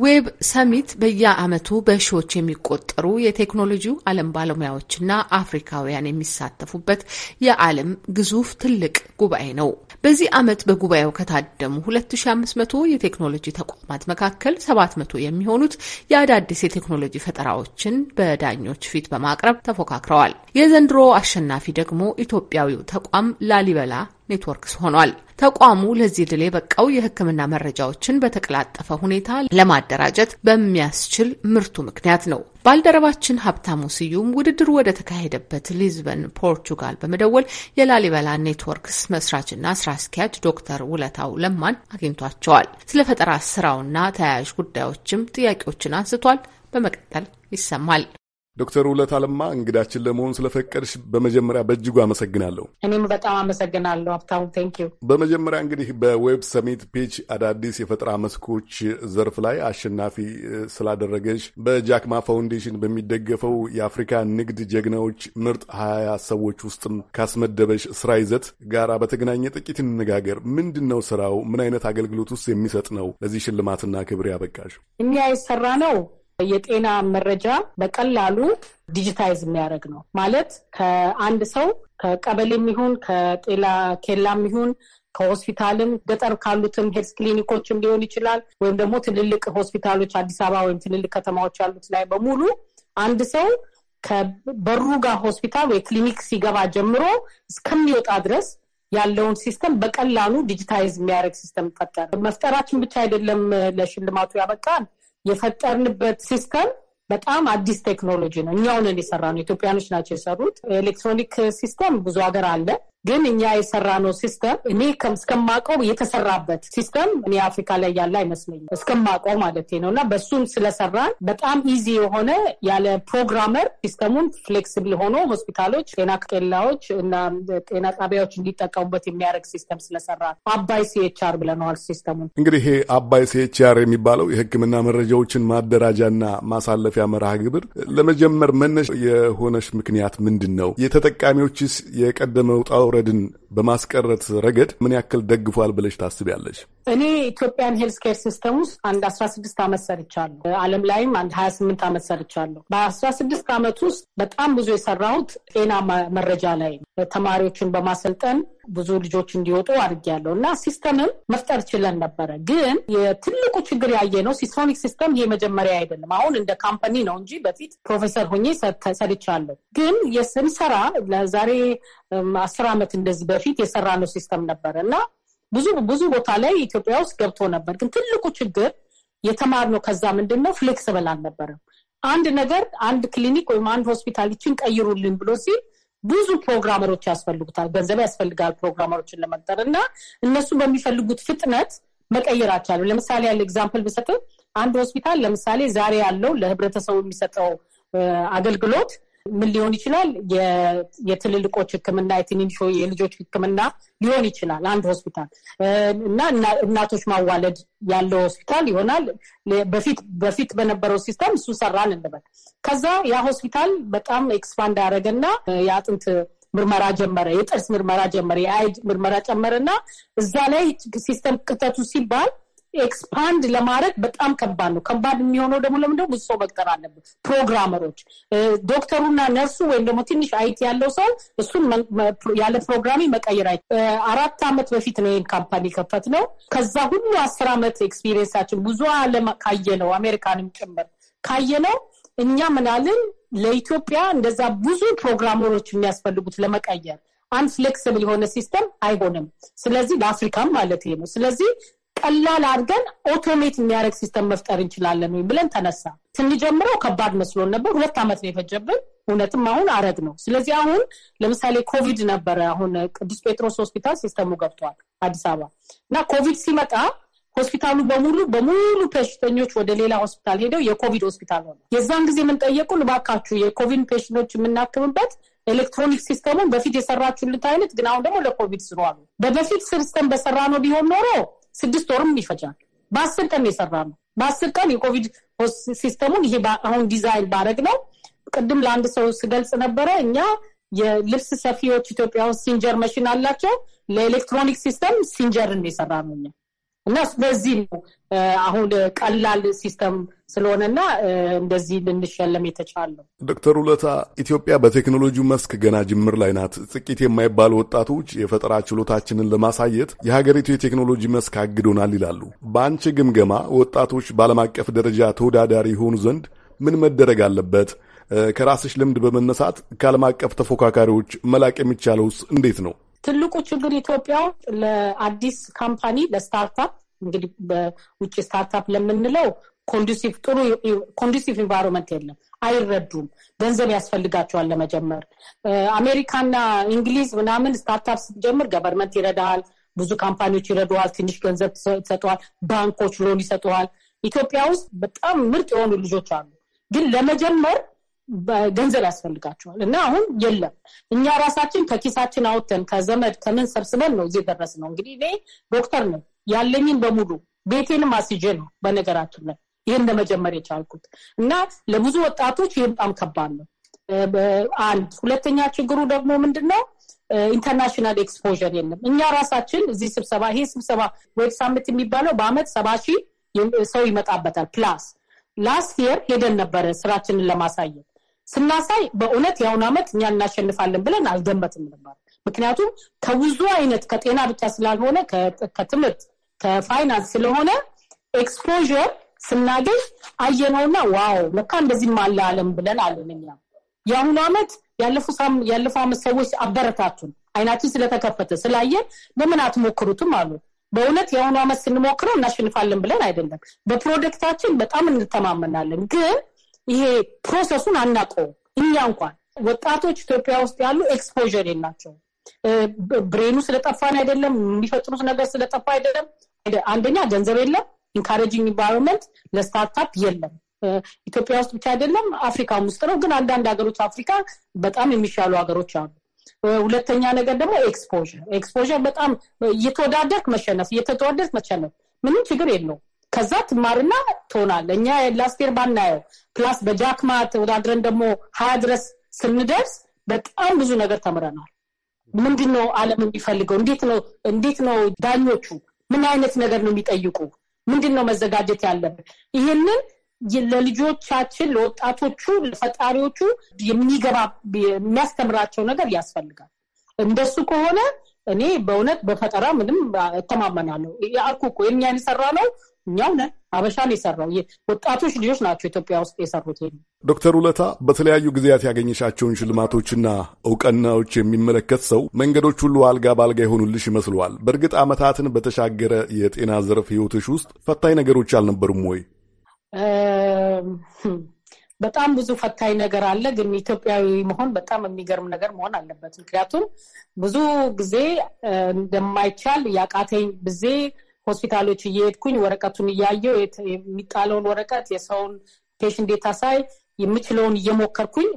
Speaker 2: ዌብ ሰሚት በየዓመቱ በሺዎች የሚቆጠሩ የቴክኖሎጂው ዓለም ባለሙያዎችና አፍሪካውያን የሚሳተፉበት የዓለም ግዙፍ ትልቅ ጉባኤ ነው። በዚህ ዓመት በጉባኤው ከታደሙ 2500 የቴክኖሎጂ ተቋማት መካከል 700 የሚሆኑት የአዳዲስ የቴክኖሎጂ ፈጠራዎችን በዳኞች ፊት በማቅረብ ተፎካክረዋል። የዘንድሮ አሸናፊ ደግሞ ኢትዮጵያዊው ተቋም ላሊበላ ኔትወርክስ ሆኗል። ተቋሙ ለዚህ ድል የበቃው የሕክምና መረጃዎችን በተቀላጠፈ ሁኔታ ለማደራጀት በሚያስችል ምርቱ ምክንያት ነው። ባልደረባችን ሀብታሙ ስዩም ውድድሩ ወደ ተካሄደበት ሊዝበን ፖርቹጋል በመደወል የላሊበላ ኔትወርክስ መስራችና ስራ አስኪያጅ ዶክተር ውለታው ለማን አግኝቷቸዋል። ስለ ፈጠራ ስራውና ተያያዥ ጉዳዮችም ጥያቄዎችን አንስቷል። በመቀጠል
Speaker 1: ይሰማል። ዶክተር ውለት አለማ እንግዳችን ለመሆን ስለፈቀድሽ በመጀመሪያ በእጅጉ አመሰግናለሁ።
Speaker 7: እኔም በጣም አመሰግናለሁ ሀብታሙ ቴንኪው።
Speaker 1: በመጀመሪያ እንግዲህ በዌብ ሰሚት ፒች አዳዲስ የፈጠራ መስኮች ዘርፍ ላይ አሸናፊ ስላደረገች በጃክማ ፋውንዴሽን በሚደገፈው የአፍሪካ ንግድ ጀግናዎች ምርጥ ሀያ ሰዎች ውስጥም ካስመደበሽ ስራ ይዘት ጋራ በተገናኘ ጥቂት እንነጋገር። ምንድን ነው ስራው? ምን አይነት አገልግሎት ውስጥ የሚሰጥ ነው? ለዚህ ሽልማትና ክብር ያበቃሽ
Speaker 7: እኛ የሰራ ነው የጤና መረጃ በቀላሉ ዲጂታይዝ የሚያደርግ ነው ማለት ከአንድ ሰው ከቀበሌ ይሁን ከጤና ኬላም ይሁን ከሆስፒታልም ገጠር ካሉትም ሄልስ ክሊኒኮችም ሊሆን ይችላል። ወይም ደግሞ ትልልቅ ሆስፒታሎች አዲስ አበባ ወይም ትልልቅ ከተማዎች ያሉት ላይ በሙሉ አንድ ሰው ከበሩ ጋር ሆስፒታል ወይ ክሊኒክ ሲገባ ጀምሮ እስከሚወጣ ድረስ ያለውን ሲስተም በቀላሉ ዲጂታይዝ የሚያደርግ ሲስተም ፈጠር መፍጠራችን ብቻ አይደለም ለሽልማቱ ያበቃል። የፈጠርንበት ሲስተም በጣም አዲስ ቴክኖሎጂ ነው። እኛውንን የሰራ ነው። ኢትዮጵያኖች ናቸው የሰሩት። ኤሌክትሮኒክ ሲስተም ብዙ ሀገር አለ። ግን እኛ የሰራነው ሲስተም እኔ እስከማውቀው የተሰራበት ሲስተም እኔ አፍሪካ ላይ ያለ አይመስለኝም እስከማውቀው ማለት ነው። እና በሱም ስለሰራን በጣም ኢዚ የሆነ ያለ ፕሮግራመር ሲስተሙን ፍሌክስብል ሆኖ ሆስፒታሎች፣ ጤና ኬላዎች እና ጤና ጣቢያዎች እንዲጠቀሙበት የሚያደርግ ሲስተም ስለሰራ አባይ ሲኤችአር ብለነዋል ሲስተሙን።
Speaker 1: እንግዲህ ይሄ አባይ ሲኤችአር የሚባለው የሕክምና መረጃዎችን ማደራጃና ማሳለፊያ መርሃ ግብር ለመጀመር መነሻ የሆነሽ ምክንያት ምንድን ነው? የተጠቃሚዎችስ የቀደመ ውጣ I didn't በማስቀረት ረገድ ምን ያክል ደግፏል ብለሽ ታስቢያለሽ?
Speaker 3: እኔ
Speaker 7: ኢትዮጵያን ሄልስ ኬር ሲስተም ውስጥ አንድ አስራ ስድስት ዓመት ሰርቻለሁ። አለም ላይም አንድ ሀያ ስምንት ዓመት ሰርቻለሁ። በአስራ ስድስት ዓመት ውስጥ በጣም ብዙ የሰራሁት ጤና መረጃ ላይ ተማሪዎችን በማሰልጠን ብዙ ልጆች እንዲወጡ አድርጌያለሁ እና ሲስተምም መፍጠር ችለን ነበረ። ግን የትልቁ ችግር ያየ ነው ሲስፎኒክ ሲስተም ይሄ መጀመሪያ አይደለም። አሁን እንደ ካምፓኒ ነው እንጂ በፊት ፕሮፌሰር ሆኜ ሰርቻለሁ። ግን የስንሰራ ለዛሬ አስር ዓመት እንደዚህ በፊት በፊት የሰራ ነው ሲስተም ነበር እና ብዙ ብዙ ቦታ ላይ ኢትዮጵያ ውስጥ ገብቶ ነበር። ግን ትልቁ ችግር የተማርነው ከዛ ምንድን ነው ፍሌክስብል አልነበረም። አንድ ነገር አንድ ክሊኒክ ወይም አንድ ሆስፒታልችን ቀይሩልን ብሎ ሲል ብዙ ፕሮግራመሮች ያስፈልጉታል፣ ገንዘብ ያስፈልጋል ፕሮግራመሮችን ለመቅጠር እና እነሱ በሚፈልጉት ፍጥነት መቀየር አቻሉ። ለምሳሌ ያለ ኤግዛምፕል ብሰጥ አንድ ሆስፒታል ለምሳሌ ዛሬ ያለው ለህብረተሰቡ የሚሰጠው አገልግሎት ምን ሊሆን ይችላል? የትልልቆች ሕክምና የትንንሾ የልጆች ሕክምና ሊሆን ይችላል አንድ ሆስፒታል እና እናቶች ማዋለድ ያለው ሆስፒታል ይሆናል። በፊት በፊት በነበረው ሲስተም እሱ ሰራን እንበል። ከዛ ያ ሆስፒታል በጣም ኤክስፓንድ ያደረገና የአጥንት ምርመራ ጀመረ፣ የጥርስ ምርመራ ጀመረ፣ የአይድ ምርመራ ጨመረ እና እዛ ላይ ሲስተም ቅጠቱ ሲባል ኤክስፓንድ ለማድረግ በጣም ከባድ ነው። ከባድ የሚሆነው ደግሞ ለምንደው ብዙ ሰው መቅጠር አለብን። ፕሮግራመሮች፣ ዶክተሩና ነርሱ ወይም ደግሞ ትንሽ አይቲ ያለው ሰው እሱን ያለ ፕሮግራሚ መቀየር አይ አራት ዓመት በፊት ነው ይህን ካምፓኒ ከፈት ነው። ከዛ ሁሉ አስር ዓመት ኤክስፒሪየንሳችን ብዙ ዓለም ካየ ነው አሜሪካንም ጭምር ካየ ነው። እኛ ምናልን ለኢትዮጵያ እንደዛ ብዙ ፕሮግራመሮች የሚያስፈልጉት ለመቀየር አንድ ፍሌክስብል የሆነ ሲስተም አይሆንም። ስለዚህ ለአፍሪካም ማለት ነው። ስለዚህ ቀላል አድርገን ኦቶሜት የሚያደርግ ሲስተም መፍጠር እንችላለን ወይም ብለን ተነሳ። ስንጀምረው ከባድ መስሎን ነበር። ሁለት ዓመት ነው የፈጀብን። እውነትም አሁን አረግ ነው። ስለዚህ አሁን ለምሳሌ ኮቪድ ነበረ። አሁን ቅዱስ ጴጥሮስ ሆስፒታል ሲስተሙ ገብቷል አዲስ አበባ እና ኮቪድ ሲመጣ ሆስፒታሉ በሙሉ በሙሉ ፔሽንተኞች ወደ ሌላ ሆስፒታል ሄደው የኮቪድ ሆስፒታል ሆነ። የዛን ጊዜ የምንጠየቁ ልባካችሁ የኮቪድ ፔሽኖች የምናክምበት ኤሌክትሮኒክ ሲስተሙን በፊት የሰራችሁልን አይነት ግን አሁን ደግሞ ለኮቪድ ስሩ አሉ። በበፊት ሲስተም በሰራ ነው ቢሆን ኖሮ ስድስት ወርም ይፈጃል። በአስር ቀን የሰራ ነው። በአስር ቀን የኮቪድ ሲስተሙን ይሄ አሁን ዲዛይን ባረግ ነው። ቅድም ለአንድ ሰው ስገልጽ ነበረ። እኛ የልብስ ሰፊዎች ኢትዮጵያ ውስጥ ሲንጀር መሽን አላቸው። ለኤሌክትሮኒክ ሲስተም ሲንጀርን የሰራ ነው እኛ እና ስለዚህ ነው አሁን ቀላል ሲስተም ስለሆነና እንደዚህ ልንሸለም የተቻለው።
Speaker 1: ዶክተር ውለታ ኢትዮጵያ በቴክኖሎጂ መስክ ገና ጅምር ላይ ናት። ጥቂት የማይባሉ ወጣቶች የፈጠራ ችሎታችንን ለማሳየት የሀገሪቱ የቴክኖሎጂ መስክ አግዶናል ይላሉ። በአንቺ ግምገማ ወጣቶች በዓለም አቀፍ ደረጃ ተወዳዳሪ የሆኑ ዘንድ ምን መደረግ አለበት? ከራስሽ ልምድ በመነሳት ከዓለም አቀፍ ተፎካካሪዎች መላቅ የሚቻለውስ እንዴት ነው?
Speaker 7: ትልቁ ችግር ኢትዮጵያ ለአዲስ ካምፓኒ ለስታርታፕ እንግዲህ በውጭ ስታርታፕ ለምንለው ኮንዱሲቭ ጥሩ ኮንዱሲቭ ኢንቫይሮንመንት የለም። አይረዱም። ገንዘብ ያስፈልጋቸዋል ለመጀመር። አሜሪካና እንግሊዝ ምናምን ስታርታፕ ስትጀምር ገቨርንመንት ይረዳሃል፣ ብዙ ካምፓኒዎች ይረዱሃል፣ ትንሽ ገንዘብ ይሰጠዋል፣ ባንኮች ሎን ይሰጠዋል። ኢትዮጵያ ውስጥ በጣም ምርጥ የሆኑ ልጆች አሉ፣ ግን ለመጀመር ገንዘብ ያስፈልጋቸዋል እና አሁን የለም። እኛ ራሳችን ከኪሳችን አውጥተን ከዘመድ ከምን ሰብስበን ነው እዚህ ደረስ ነው። እንግዲህ እኔ ዶክተር ነው ያለኝን በሙሉ ቤቴንም አስይዤ ነው በነገራችን ላይ ይህን ለመጀመር የቻልኩት እና ለብዙ ወጣቶች ይህ በጣም ከባድ ነው። አንድ ሁለተኛ ችግሩ ደግሞ ምንድን ነው? ኢንተርናሽናል ኤክስፖዥር የለም። እኛ ራሳችን እዚህ ስብሰባ ይሄ ስብሰባ ዌብ ሳምንት የሚባለው በአመት ሰባ ሺህ ሰው ይመጣበታል ፕላስ ላስት የር ሄደን ነበረ ስራችንን ለማሳየት ስናሳይ በእውነት የአሁን ዓመት እኛ እናሸንፋለን ብለን አልገመትም ነበር። ምክንያቱም ከብዙ አይነት ከጤና ብቻ ስላልሆነ ከትምህርት፣ ከፋይናንስ ስለሆነ ኤክስፖዥር ስናገኝ አየነውና ዋው ለካ እንደዚህም አለ አለም ብለን አለን። እኛ የአሁኑ ዓመት ያለፉ አመት ሰዎች አበረታቱን አይናችን ስለተከፈተ ስላየን ለምን አትሞክሩትም አሉ። በእውነት የአሁኑ ዓመት ስንሞክረው እናሸንፋለን ብለን አይደለም፣ በፕሮደክታችን በጣም እንተማመናለን ግን ይሄ ፕሮሰሱን አናውቀውም። እኛ እንኳን ወጣቶች ኢትዮጵያ ውስጥ ያሉ ኤክስፖዥር የላቸው ብሬኑ ስለጠፋን አይደለም፣ የሚፈጥሩት ነገር ስለጠፋ አይደለም። አንደኛ ገንዘብ የለም፣ ኢንካሬጂንግ ኢንቫይሮንመንት ለስታርታፕ የለም። ኢትዮጵያ ውስጥ ብቻ አይደለም፣ አፍሪካም ውስጥ ነው። ግን አንዳንድ ሀገሮች አፍሪካ በጣም የሚሻሉ ሀገሮች አሉ። ሁለተኛ ነገር ደግሞ ኤክስፖር ኤክስፖር በጣም እየተወዳደርክ መሸነፍ እየተወዳደርክ መሸነፍ ምንም ችግር የለውም። ከዛ ትማርና ትሆናል። እኛ ላስቴር ባናየው ፕላስ በጃክማ ተወዳድረን ደግሞ ሀያ ድረስ ስንደርስ በጣም ብዙ ነገር ተምረናል። ምንድን ነው ዓለም የሚፈልገው? እንዴት ነው እንዴት ነው ዳኞቹ ምን አይነት ነገር ነው የሚጠይቁ? ምንድን ነው መዘጋጀት ያለብን? ይህንን ለልጆቻችን፣ ለወጣቶቹ፣ ለፈጣሪዎቹ የሚገባ የሚያስተምራቸው ነገር ያስፈልጋል። እንደሱ ከሆነ እኔ በእውነት በፈጠራ ምንም እተማመናለሁ። ያልኩ እኮ የእኛን የሰራ ነው እኛው ነን አበሻን የሰራው ወጣቶች ልጆች ናቸው ኢትዮጵያ ውስጥ የሰሩት።
Speaker 1: ዶክተር ውለታ በተለያዩ ጊዜያት ያገኘሻቸውን ሽልማቶችና እውቅናዎች የሚመለከት ሰው መንገዶች ሁሉ አልጋ በአልጋ የሆኑልሽ ይመስለዋል። በእርግጥ ዓመታትን በተሻገረ የጤና ዘርፍ ህይወትሽ ውስጥ ፈታኝ ነገሮች አልነበሩም ወይ?
Speaker 7: Hm፣ በጣም ብዙ ፈታኝ ነገር አለ። ግን ኢትዮጵያዊ መሆን በጣም የሚገርም ነገር መሆን አለበት። ምክንያቱም ብዙ ጊዜ እንደማይቻል ያቃተኝ ብዜ ሆስፒታሎች እየሄድኩኝ ወረቀቱን እያየው የሚጣለውን ወረቀት የሰውን ፔሽን ዴታ ሳይ የምችለውን እየሞከርኩኝ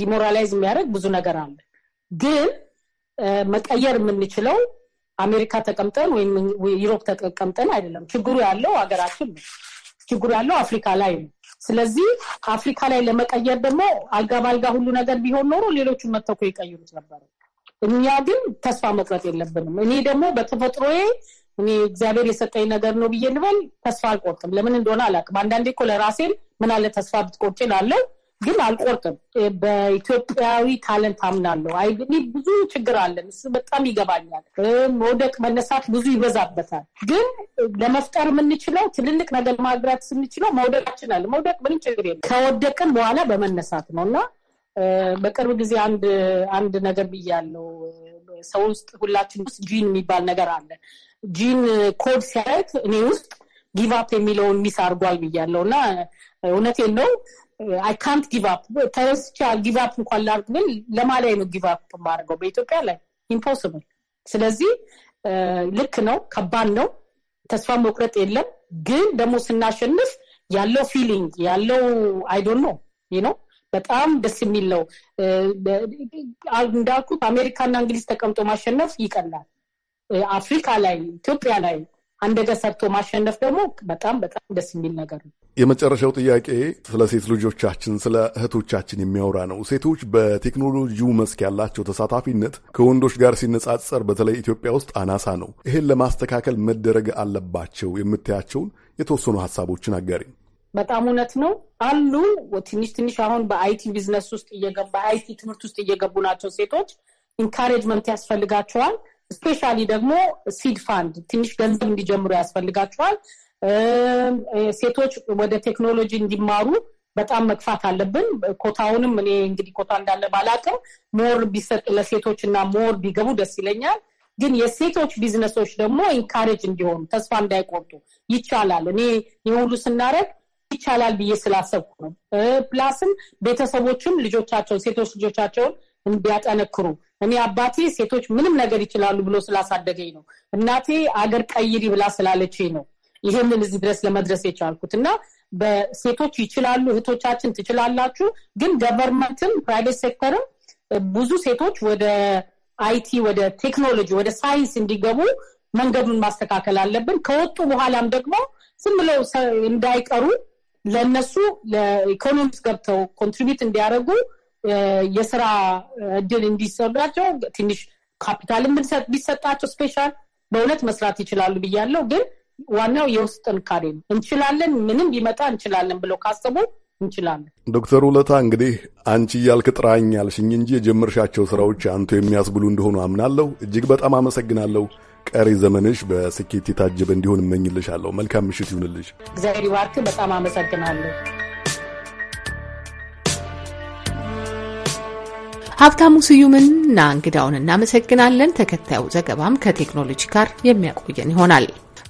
Speaker 7: ዲሞራላይዝ የሚያደርግ ብዙ ነገር አለ። ግን መቀየር የምንችለው አሜሪካ ተቀምጠን ወይም ዩሮፕ ተቀምጠን አይደለም። ችግሩ ያለው ሀገራችን ነው። ችግሩ ያለው አፍሪካ ላይ ነው። ስለዚህ አፍሪካ ላይ ለመቀየር ደግሞ አልጋ በአልጋ ሁሉ ነገር ቢሆን ኖሮ ሌሎቹን መተኮ የቀይሩት ነበር። እኛ ግን ተስፋ መቁረጥ የለብንም። እኔ ደግሞ በተፈጥሮዬ እኔ እግዚአብሔር የሰጠኝ ነገር ነው ብዬ ልበል፣ ተስፋ አልቆርጥም። ለምን እንደሆነ አላውቅም። አንዳንዴ እኮ ለራሴም ምን አለ ተስፋ ብትቆርጭ ላለው ግን አልቆርጥም። በኢትዮጵያዊ ታለንት አምናለሁ። አይ እኔ ብዙ ችግር አለን፣ እሱ በጣም ይገባኛል። መውደቅ መነሳት ብዙ ይበዛበታል። ግን ለመፍጠር የምንችለው ትልልቅ ነገር ማግራት ስንችለው መውደቃችን አለ። መውደቅ ምንም ችግር የለም። ከወደቅን በኋላ በመነሳት ነው እና በቅርብ ጊዜ አንድ አንድ ነገር ብያለሁ። ሰው ውስጥ ሁላችን ውስጥ ጂን የሚባል ነገር አለ። ጂን ኮድ ሲያየት እኔ ውስጥ ጊቫፕ የሚለውን ሚስ አድርጓል ብያለው እና እውነቴን ነው አይ ካንት ጊቫፕ ተረስቼ ጊቫፕ እንኳን ላርግ ብል ለማላይ ነው ጊቫፕ የማደርገው በኢትዮጵያ ላይ ኢምፖስብል። ስለዚህ ልክ ነው፣ ከባድ ነው፣ ተስፋ መቁረጥ የለም ግን ደግሞ ስናሸንፍ ያለው ፊሊንግ ያለው አይዶን ነው ነው በጣም ደስ የሚል ነው። እንዳልኩት አሜሪካና እንግሊዝ ተቀምጦ ማሸነፍ ይቀላል። አፍሪካ ላይ ኢትዮጵያ ላይ አንድ ሰርቶ ማሸነፍ ደግሞ በጣም በጣም ደስ የሚል ነገር ነው።
Speaker 1: የመጨረሻው ጥያቄ ስለ ሴት ልጆቻችን፣ ስለ እህቶቻችን የሚያወራ ነው። ሴቶች በቴክኖሎጂው መስክ ያላቸው ተሳታፊነት ከወንዶች ጋር ሲነጻጸር በተለይ ኢትዮጵያ ውስጥ አናሳ ነው። ይህን ለማስተካከል መደረግ አለባቸው የምታያቸውን የተወሰኑ ሀሳቦችን አጋሪ።
Speaker 7: በጣም እውነት ነው አሉ። ትንሽ ትንሽ አሁን በአይቲ ቢዝነስ ውስጥ በአይቲ ትምህርት ውስጥ እየገቡ ናቸው። ሴቶች ኢንካሬጅመንት ያስፈልጋቸዋል። ስፔሻሊ ደግሞ ሲድ ፋንድ ትንሽ ገንዘብ እንዲጀምሩ ያስፈልጋቸዋል። ሴቶች ወደ ቴክኖሎጂ እንዲማሩ በጣም መግፋት አለብን። ኮታውንም እኔ እንግዲህ ኮታ እንዳለ ባላቅም ሞር ቢሰጥ ለሴቶች እና ሞር ቢገቡ ደስ ይለኛል። ግን የሴቶች ቢዝነሶች ደግሞ ኢንካሬጅ እንዲሆኑ ተስፋ እንዳይቆርጡ ይቻላል። እኔ የሁሉ ስናደርግ ይቻላል ብዬ ስላሰብኩ ነው። ፕላስም ቤተሰቦችም ልጆቻቸውን ሴቶች ልጆቻቸውን እንዲያጠነክሩ እኔ አባቴ ሴቶች ምንም ነገር ይችላሉ ብሎ ስላሳደገኝ ነው። እናቴ አገር ቀይሪ ብላ ስላለችኝ ነው ይህንን እዚህ ድረስ ለመድረስ የቻልኩት እና በሴቶች ይችላሉ፣ እህቶቻችን ትችላላችሁ። ግን ገቨርንመንትም ፕራይቬት ሴክተርም ብዙ ሴቶች ወደ አይቲ፣ ወደ ቴክኖሎጂ፣ ወደ ሳይንስ እንዲገቡ መንገዱን ማስተካከል አለብን። ከወጡ በኋላም ደግሞ ዝም ብለው እንዳይቀሩ ለእነሱ ለኢኮኖሚስ ገብተው ኮንትሪቢዩት እንዲያደርጉ የስራ እድል እንዲሰራቸው ትንሽ ካፒታል ቢሰጣቸው ስፔሻል በእውነት መስራት ይችላሉ ብያለው። ግን ዋናው የውስጥ ጥንካሬ ነው። እንችላለን፣ ምንም ቢመጣ እንችላለን ብለው ካሰቡ እንችላለን።
Speaker 1: ዶክተር ውለታ እንግዲህ አንቺ እያልክ ጥራኝ ያልሽኝ እንጂ የጀመርሻቸው ስራዎች አንቱ የሚያስብሉ እንደሆኑ አምናለሁ። እጅግ በጣም አመሰግናለሁ። ቀሪ ዘመንሽ በስኬት የታጀበ እንዲሆን እመኝልሻለሁ። መልካም ምሽት ይሁንልሽ።
Speaker 7: እግዚአብሔር ይባርክ። በጣም አመሰግናለሁ።
Speaker 2: ሀብታሙ ስዩምንና እንግዳውን እናመሰግናለን። ተከታዩ ዘገባም ከቴክኖሎጂ ጋር የሚያቆየን ይሆናል።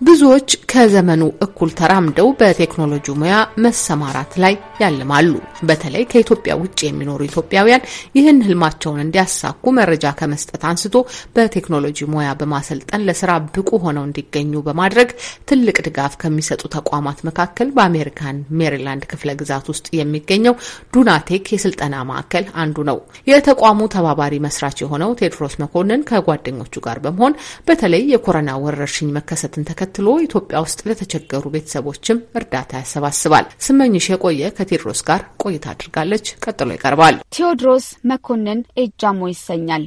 Speaker 2: ብዙዎች ከዘመኑ እኩል ተራምደው በቴክኖሎጂ ሙያ መሰማራት ላይ ያልማሉ። በተለይ ከኢትዮጵያ ውጭ የሚኖሩ ኢትዮጵያውያን ይህን ህልማቸውን እንዲያሳኩ መረጃ ከመስጠት አንስቶ በቴክኖሎጂ ሙያ በማሰልጠን ለስራ ብቁ ሆነው እንዲገኙ በማድረግ ትልቅ ድጋፍ ከሚሰጡ ተቋማት መካከል በአሜሪካን ሜሪላንድ ክፍለ ግዛት ውስጥ የሚገኘው ዱናቴክ የስልጠና ማዕከል አንዱ ነው። የተቋሙ ተባባሪ መስራች የሆነው ቴድሮስ መኮንን ከጓደኞቹ ጋር በመሆን በተለይ የኮረና ወረርሽኝ መከሰትን ተከትሎ ተከትሎ ኢትዮጵያ ውስጥ ለተቸገሩ ቤተሰቦችም እርዳታ ያሰባስባል። ስመኝሽ የቆየ ከቴዎድሮስ ጋር ቆይታ አድርጋለች።
Speaker 8: ቀጥሎ ይቀርባል። ቴዎድሮስ መኮንን ኤጃሞ ይሰኛል።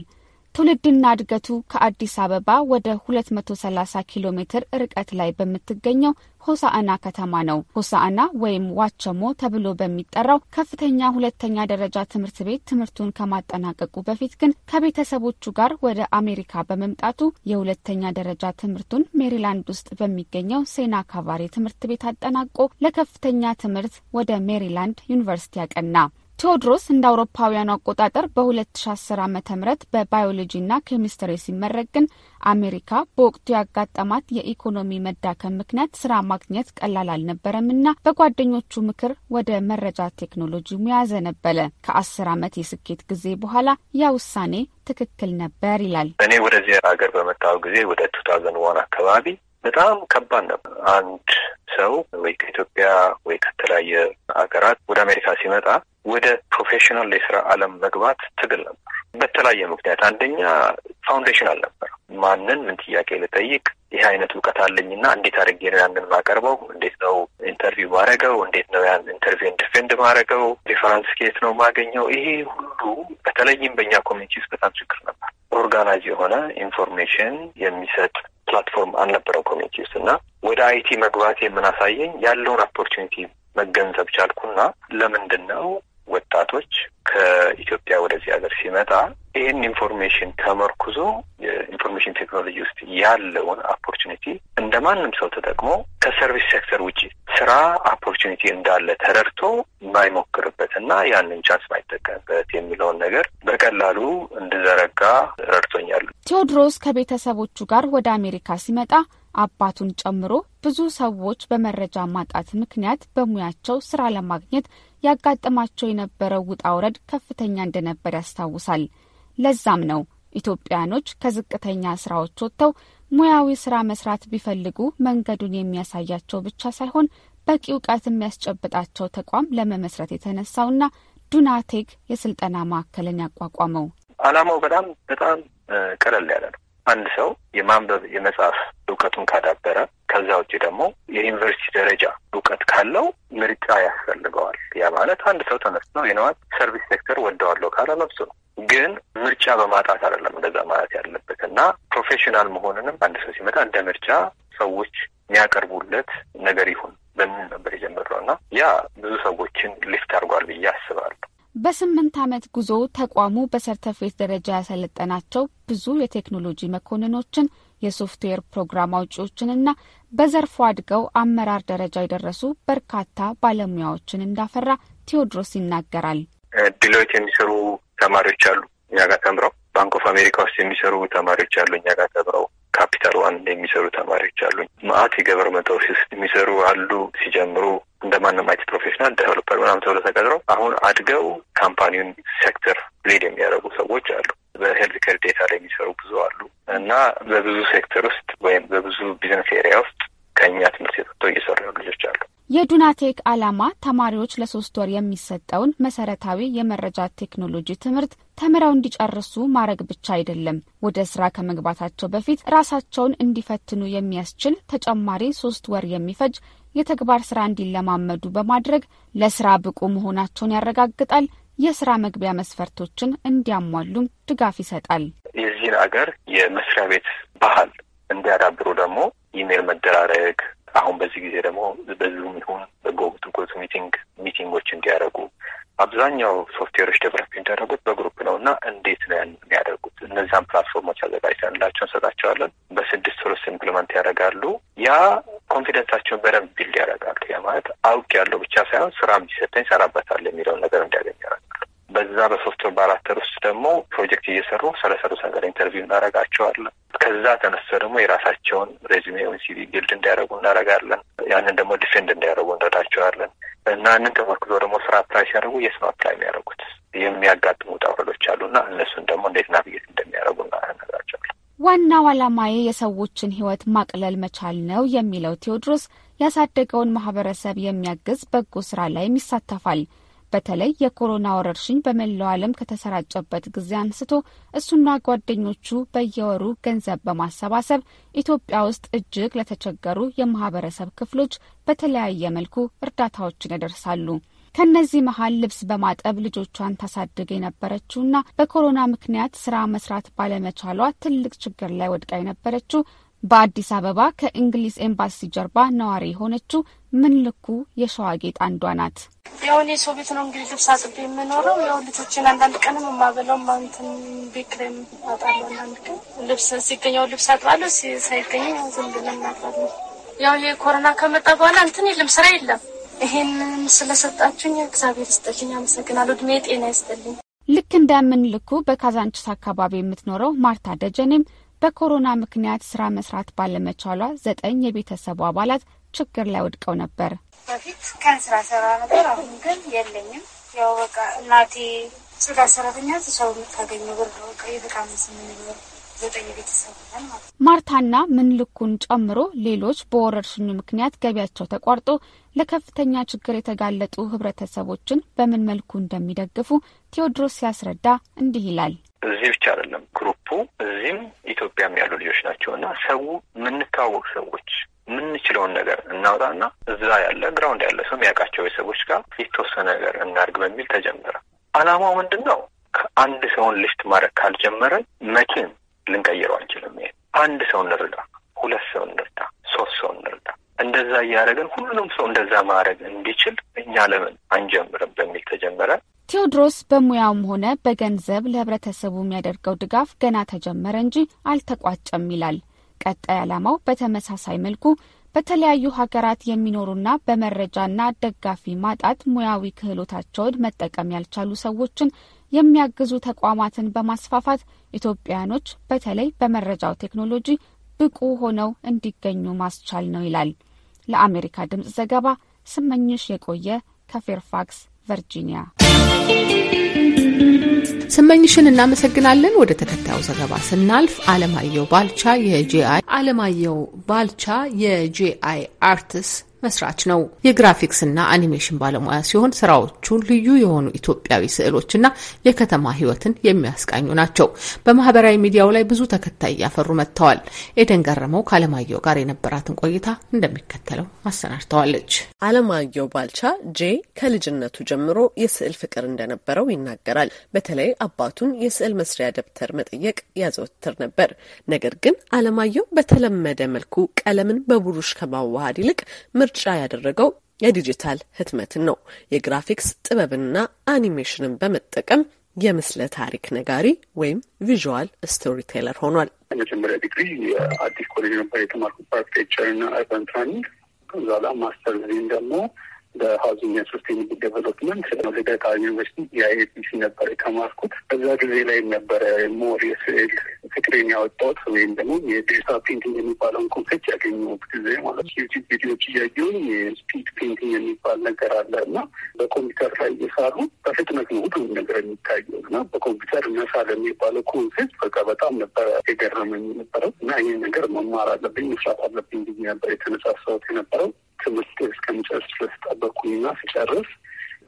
Speaker 8: ትውልድና እድገቱ ከአዲስ አበባ ወደ 230 ኪሎ ሜትር ርቀት ላይ በምትገኘው ሆሳአና ከተማ ነው። ሆሳአና ወይም ዋቸሞ ተብሎ በሚጠራው ከፍተኛ ሁለተኛ ደረጃ ትምህርት ቤት ትምህርቱን ከማጠናቀቁ በፊት ግን ከቤተሰቦቹ ጋር ወደ አሜሪካ በመምጣቱ የሁለተኛ ደረጃ ትምህርቱን ሜሪላንድ ውስጥ በሚገኘው ሴና ካቫሬ ትምህርት ቤት አጠናቆ ለከፍተኛ ትምህርት ወደ ሜሪላንድ ዩኒቨርሲቲ ያቀና። ቴዎድሮስ እንደ አውሮፓውያኑ አቆጣጠር በ2010 ዓ ም በባዮሎጂና ኬሚስትሪ ሲመረቅ ግን አሜሪካ በወቅቱ ያጋጠማት የኢኮኖሚ መዳከም ምክንያት ስራ ማግኘት ቀላል አልነበረምና በጓደኞቹ ምክር ወደ መረጃ ቴክኖሎጂ ሙያ ዘነበለ። ከአስር ዓመት የስኬት ጊዜ በኋላ ያ ውሳኔ ትክክል ነበር ይላል።
Speaker 5: እኔ
Speaker 9: ወደዚህ ሀገር በመጣሁ ጊዜ ወደ ቱ ዋን አካባቢ በጣም ከባድ ነበር። አንድ ሰው ወይ ከኢትዮጵያ ወይ ከተለያየ ሀገራት ወደ አሜሪካ ሲመጣ ወደ ፕሮፌሽናል የስራ ዓለም መግባት ትግል ነበር። በተለያየ ምክንያት አንደኛ ፋውንዴሽን አልነበር። ማንን ምን ጥያቄ ልጠይቅ፣ ይህ አይነት እውቀት አለኝና እንዴት አድርጌ ነው ያንን ማቀርበው? እንዴት ነው ኢንተርቪው ማድረገው? እንዴት ነው ያን ኢንተርቪው ኢንዲፌንድ ማድረገው? ሪፈረንስ ኬት ነው ማገኘው? ይሄ ሁሉ በተለይም በእኛ ኮሚኒቲ ውስጥ በጣም ችግር ነበር። ኦርጋናይዝ የሆነ ኢንፎርሜሽን የሚሰጥ ፕላትፎርም አልነበረው ኮሚኒቲ ውስጥ እና ወደ አይቲ መግባት የምናሳየኝ ያለውን ኦፖርቹኒቲ መገንዘብ ቻልኩና ለምንድን ነው ወጣቶች ከኢትዮጵያ ወደዚህ ሀገር ሲመጣ ይህን ኢንፎርሜሽን ተመርኩዞ የኢንፎርሜሽን ቴክኖሎጂ ውስጥ ያለውን አፖርቹኒቲ እንደ ማንም ሰው ተጠቅሞ ከሰርቪስ ሴክተር ውጭ ስራ አፖርቹኒቲ እንዳለ ተረድቶ ማይሞክርበት እና ያንን ቻንስ ማይጠቀምበት የሚለውን ነገር በቀላሉ እንድዘረጋ ረድቶኛል።
Speaker 8: ቴዎድሮስ ከቤተሰቦቹ ጋር ወደ አሜሪካ ሲመጣ አባቱን ጨምሮ ብዙ ሰዎች በመረጃ ማጣት ምክንያት በሙያቸው ስራ ለማግኘት ያጋጠማቸው የነበረው ውጣ ውረድ ከፍተኛ እንደነበር ያስታውሳል። ለዛም ነው ኢትዮጵያኖች ከዝቅተኛ ስራዎች ወጥተው ሙያዊ ስራ መስራት ቢፈልጉ መንገዱን የሚያሳያቸው ብቻ ሳይሆን በቂ እውቀት የሚያስጨብጣቸው ተቋም ለመመስረት የተነሳውና ዱናቴክ የስልጠና ማዕከልን ያቋቋመው።
Speaker 9: አላማው በጣም በጣም ቀለል ያለ ነው። አንድ ሰው የማንበብ የመጻፍ እውቀቱን ካዳበረ ከዛ ውጭ ደግሞ የዩኒቨርሲቲ ደረጃ እውቀት ካለው ምርጫ ያስፈልገዋል። ያ ማለት አንድ ሰው ተነስቶ የነዋት ሰርቪስ ሴክተር ወደዋለሁ ካለ መብሱ ነው። ግን ምርጫ በማጣት አይደለም እንደዛ ማለት ያለበት እና ፕሮፌሽናል መሆንንም አንድ ሰው ሲመጣ እንደ ምርጫ ሰዎች የሚያቀርቡለት ነገር ይሁን በምን ነበር የጀመረው እና ያ ብዙ ሰዎችን ሊፍት አድርጓል ብዬ አስባለሁ።
Speaker 8: በስምንት ዓመት ጉዞ ተቋሙ በሰርተፌት ደረጃ ያሰለጠናቸው ብዙ የቴክኖሎጂ መኮንኖችን የሶፍትዌር ፕሮግራም አውጪዎችንና በዘርፉ አድገው አመራር ደረጃ የደረሱ በርካታ ባለሙያዎችን እንዳፈራ ቴዎድሮስ ይናገራል።
Speaker 9: ዲሎይት የሚሰሩ ተማሪዎች አሉ እኛ ጋር ተምረው፣ ባንክ ኦፍ አሜሪካ ውስጥ የሚሰሩ ተማሪዎች አሉ እኛ ጋር ተምረው፣ ካፒታል ዋን የሚሰሩ ተማሪዎች አሉ። ማአት የገቨርመንት ኦፊስ የሚሰሩ አሉ። ሲጀምሩ እንደ ማንም አይነት ፕሮፌሽናል ዴቨሎፐር ምናምን ተብሎ ተቀጥረው አሁን አድገው ካምፓኒውን ሴክተር ሊድ የሚያደርጉ ሰዎች አሉ። በሄልዝ ኬር ዴታ ላይ የሚሰሩ ብዙ አሉ እና በብዙ ሴክተር ውስጥ ወይም በብዙ ቢዝነስ ኤሪያ ውስጥ ከእኛ ትምህርት የሰጥተው እየሰሩ
Speaker 8: የዱናቴክ ዓላማ ተማሪዎች ለሶስት ወር የሚሰጠውን መሰረታዊ የመረጃ ቴክኖሎጂ ትምህርት ተምረው እንዲጨርሱ ማድረግ ብቻ አይደለም፣ ወደ ስራ ከመግባታቸው በፊት ራሳቸውን እንዲፈትኑ የሚያስችል ተጨማሪ ሶስት ወር የሚፈጅ የተግባር ስራ እንዲለማመዱ በማድረግ ለስራ ብቁ መሆናቸውን ያረጋግጣል። የስራ መግቢያ መስፈርቶችን እንዲያሟሉም ድጋፍ ይሰጣል።
Speaker 9: የዚህን አገር የመስሪያ ቤት ባህል እንዲያዳብሩ ደግሞ ኢሜል መደራረግ አሁን በዚህ ጊዜ ደግሞ በዙም ይሁን በጎግል ጎዝ ሚቲንግ ሚቲንጎች እንዲያደርጉ አብዛኛው ሶፍትዌሮች ዴቨሎፕ የሚደረጉት በግሩፕ ነው እና እንዴት ነው የሚያደርጉት? እነዚያን ፕላትፎርሞች አዘጋጅተንላቸው እንሰጣቸዋለን። በስድስት ወር ውስጥ ኢምፕሊመንት ያደርጋሉ። ያ ኮንፊደንሳቸውን በደንብ ቢልድ ያደርጋሉ። ያ ማለት አውቅ ያለው ብቻ ሳይሆን ስራ የሚሰጠኝ ሰራበታል የሚለውን ነገር እንዲያገኝ ያደርጋል። በዛ በሶስት ወር በአራት ወር ውስጥ ደግሞ ፕሮጀክት እየሰሩ ስለሰሩት ነገር ኢንተርቪው እናደርጋቸዋለን። ከዛ ተነስቶ ደግሞ የራሳቸውን ሬዚሜ ወይ ሲቪ ቢልድ እንዲያደርጉ እናደርጋለን። ያንን ደግሞ ዲፌንድ እንዲያደርጉ እንረዳቸዋለን። እና ያንን ተመርክዞ ደግሞ ስራ አፕላይ ሲያደርጉ የስራ አፕላይ የሚያደርጉት የሚያጋጥሙ ውጣ አሉ አሉና እነሱን ደግሞ እንዴት ናብየት እንደሚያደርጉ እናነግራቸዋለን።
Speaker 8: ዋናው ዓላማዬ የሰዎችን ህይወት ማቅለል መቻል ነው የሚለው ቴዎድሮስ ያሳደገውን ማህበረሰብ የሚያግዝ በጎ ስራ ላይም ይሳተፋል። በተለይ የኮሮና ወረርሽኝ በመላው ዓለም ከተሰራጨበት ጊዜ አንስቶ እሱና ጓደኞቹ በየወሩ ገንዘብ በማሰባሰብ ኢትዮጵያ ውስጥ እጅግ ለተቸገሩ የማህበረሰብ ክፍሎች በተለያየ መልኩ እርዳታዎችን ያደርሳሉ። ከእነዚህ መሀል ልብስ በማጠብ ልጆቿን ታሳድግ የነበረችውና በኮሮና ምክንያት ስራ መስራት ባለመቻሏ ትልቅ ችግር ላይ ወድቃ የነበረችው በአዲስ አበባ ከእንግሊዝ ኤምባሲ ጀርባ ነዋሪ የሆነችው ምን ልኩ የሸዋ ጌጥ አንዷ ናት።
Speaker 7: የሆነ የሰው ቤት ነው እንግዲህ ልብስ አጥቤ የምኖረው ያው ልጆችን አንዳንድ ቀንም የማበለው ማንትን ቤክሬም አጣለሁ። አንዳንድ ቀን ልብስ ሲገኘው ልብስ አጥባለሁ፣
Speaker 8: ሳይገኝ ዝም ብለን እናጥባለሁ።
Speaker 7: ያው ይሄ ኮሮና ከመጣ በኋላ እንትን የለም ስራ የለም። ይሄንን ስለሰጣችሁኝ እግዚአብሔር ይስጥልኝ፣ አመሰግናለሁ። እድሜ ጤና ይስጠልኝ።
Speaker 8: ልክ እንደምንልኩ በካዛንችስ አካባቢ የምትኖረው ማርታ ደጀኔም በኮሮና ምክንያት ስራ መስራት ባለመቻሏ ዘጠኝ የቤተሰቡ አባላት ችግር ላይ ወድቀው ነበር። በፊት ቀን ስራ ሰራ ነበር። አሁን ግን የለኝም። ያው በቃ እናቴ ጽዳት ሰራተኛ ሰው የምታገኘ ብር በቃ ስምን የምንኖር ማርታና ምንልኩን ጨምሮ ሌሎች በወረርሽኙ ምክንያት ገቢያቸው ተቋርጦ ለከፍተኛ ችግር የተጋለጡ ህብረተሰቦችን በምን መልኩ እንደሚደግፉ ቴዎድሮስ ሲያስረዳ እንዲህ ይላል።
Speaker 9: እዚህ ብቻ አይደለም ግሩፑ፣ እዚህም ኢትዮጵያም ያሉ ልጆች ናቸው እና ሰው የምንተዋወቅ ሰዎች የምንችለውን ነገር እናውጣና እዛ ያለ ግራውንድ ያለ ሰው የሚያውቃቸው ሰዎች ጋር የተወሰነ ነገር እናድርግ በሚል ተጀመረ። አላማው ምንድን ነው? ከአንድ ሰውን ሊስት ማድረግ ካልጀመረን መቼም ልንቀይረው አንችልም። ይሄ አንድ ሰው እንርዳ፣ ሁለት ሰው እንርዳ፣ ሶስት ሰው እንርዳ። እንደዛ እያደረገን ሁሉንም ሰው እንደዛ ማድረግ እንዲችል እኛ ለምን አንጀምርም በሚል ተጀመረ።
Speaker 8: ቴዎድሮስ በሙያውም ሆነ በገንዘብ ለህብረተሰቡ የሚያደርገው ድጋፍ ገና ተጀመረ እንጂ አልተቋጨም ይላል። ቀጣይ ዓላማው በተመሳሳይ መልኩ በተለያዩ ሀገራት የሚኖሩና በመረጃና ደጋፊ ማጣት ሙያዊ ክህሎታቸውን መጠቀም ያልቻሉ ሰዎችን የሚያግዙ ተቋማትን በማስፋፋት ኢትዮጵያኖች በተለይ በመረጃው ቴክኖሎጂ ብቁ ሆነው እንዲገኙ ማስቻል ነው ይላል። ለአሜሪካ ድምፅ ዘገባ ስመኝሽ የቆየ ከፌርፋክስ ቨርጂኒያ።
Speaker 2: ስመኝሽን እናመሰግናለን። ወደ ተከታዩ ዘገባ ስናልፍ አለማየሁ ባልቻ የጂአይ አለማየሁ ባልቻ የጂአይ አርትስ መስራች ነው። የግራፊክስና አኒሜሽን ባለሙያ ሲሆን ስራዎቹ ልዩ የሆኑ ኢትዮጵያዊ ስዕሎችና የከተማ ህይወትን የሚያስቃኙ ናቸው። በማህበራዊ ሚዲያው ላይ ብዙ ተከታይ እያፈሩ መጥተዋል። ኤደን ገረመው ከአለማየሁ ጋር የነበራትን ቆይታ እንደሚከተለው
Speaker 10: አሰናድተዋለች። አለማየሁ ባልቻ ጄ ከልጅነቱ ጀምሮ የስዕል ፍቅር እንደነበረው ይናገራል። በተለይ አባቱን የስዕል መስሪያ ደብተር መጠየቅ ያዘወትር ነበር። ነገር ግን አለማየሁ በተለመደ መልኩ ቀለምን በቡሩሽ ከማዋሃድ ይልቅ ምርጫ ያደረገው የዲጂታል ህትመትን ነው። የግራፊክስ ጥበብንና አኒሜሽንን በመጠቀም የምስለ ታሪክ ነጋሪ ወይም ቪዥዋል ስቶሪ ቴለር ሆኗል።
Speaker 5: የመጀመሪያ ዲግሪ የአዲስ ኮሌጅ ነበር የተማርኩባት ቴቸርና አርበን ትራኒንግ። ከዛ ማስተር ዲግሪን ደግሞ በሀውዚንግ ሰስቴኒብል ዴቨሎፕመንት ልደታ ዩኒቨርሲቲ የአይኤፒሲ ነበር የተማርኩት። በዛ ጊዜ ላይ ነበረ ሞር የስዕል ፍቅሬን ያወጣሁት ወይም ደግሞ የዲጂታል ፔንቲንግ የሚባለውን ኮንሴፕት ያገኘሁት ጊዜ ማለት ዩቲዩብ ቪዲዮዎች እያየሁኝ የስፒድ ፔንቲንግ የሚባል ነገር አለ እና በኮምፒውተር ላይ እየሳሉ በፍጥነት ነው ሁሉም ነገር የሚታየው እና በኮምፒውተር መሳል የሚባለው ኮንሴፕት በቃ በጣም ነበረ የገረመኝ የነበረው እና ይህ ነገር መማር አለብኝ መስራት አለብኝ ጊዜ ነበር የተነሳሳሁት የነበረው ትምህርት እስከምጨርስ ድረስ ጠበኩኝና ስጨርስ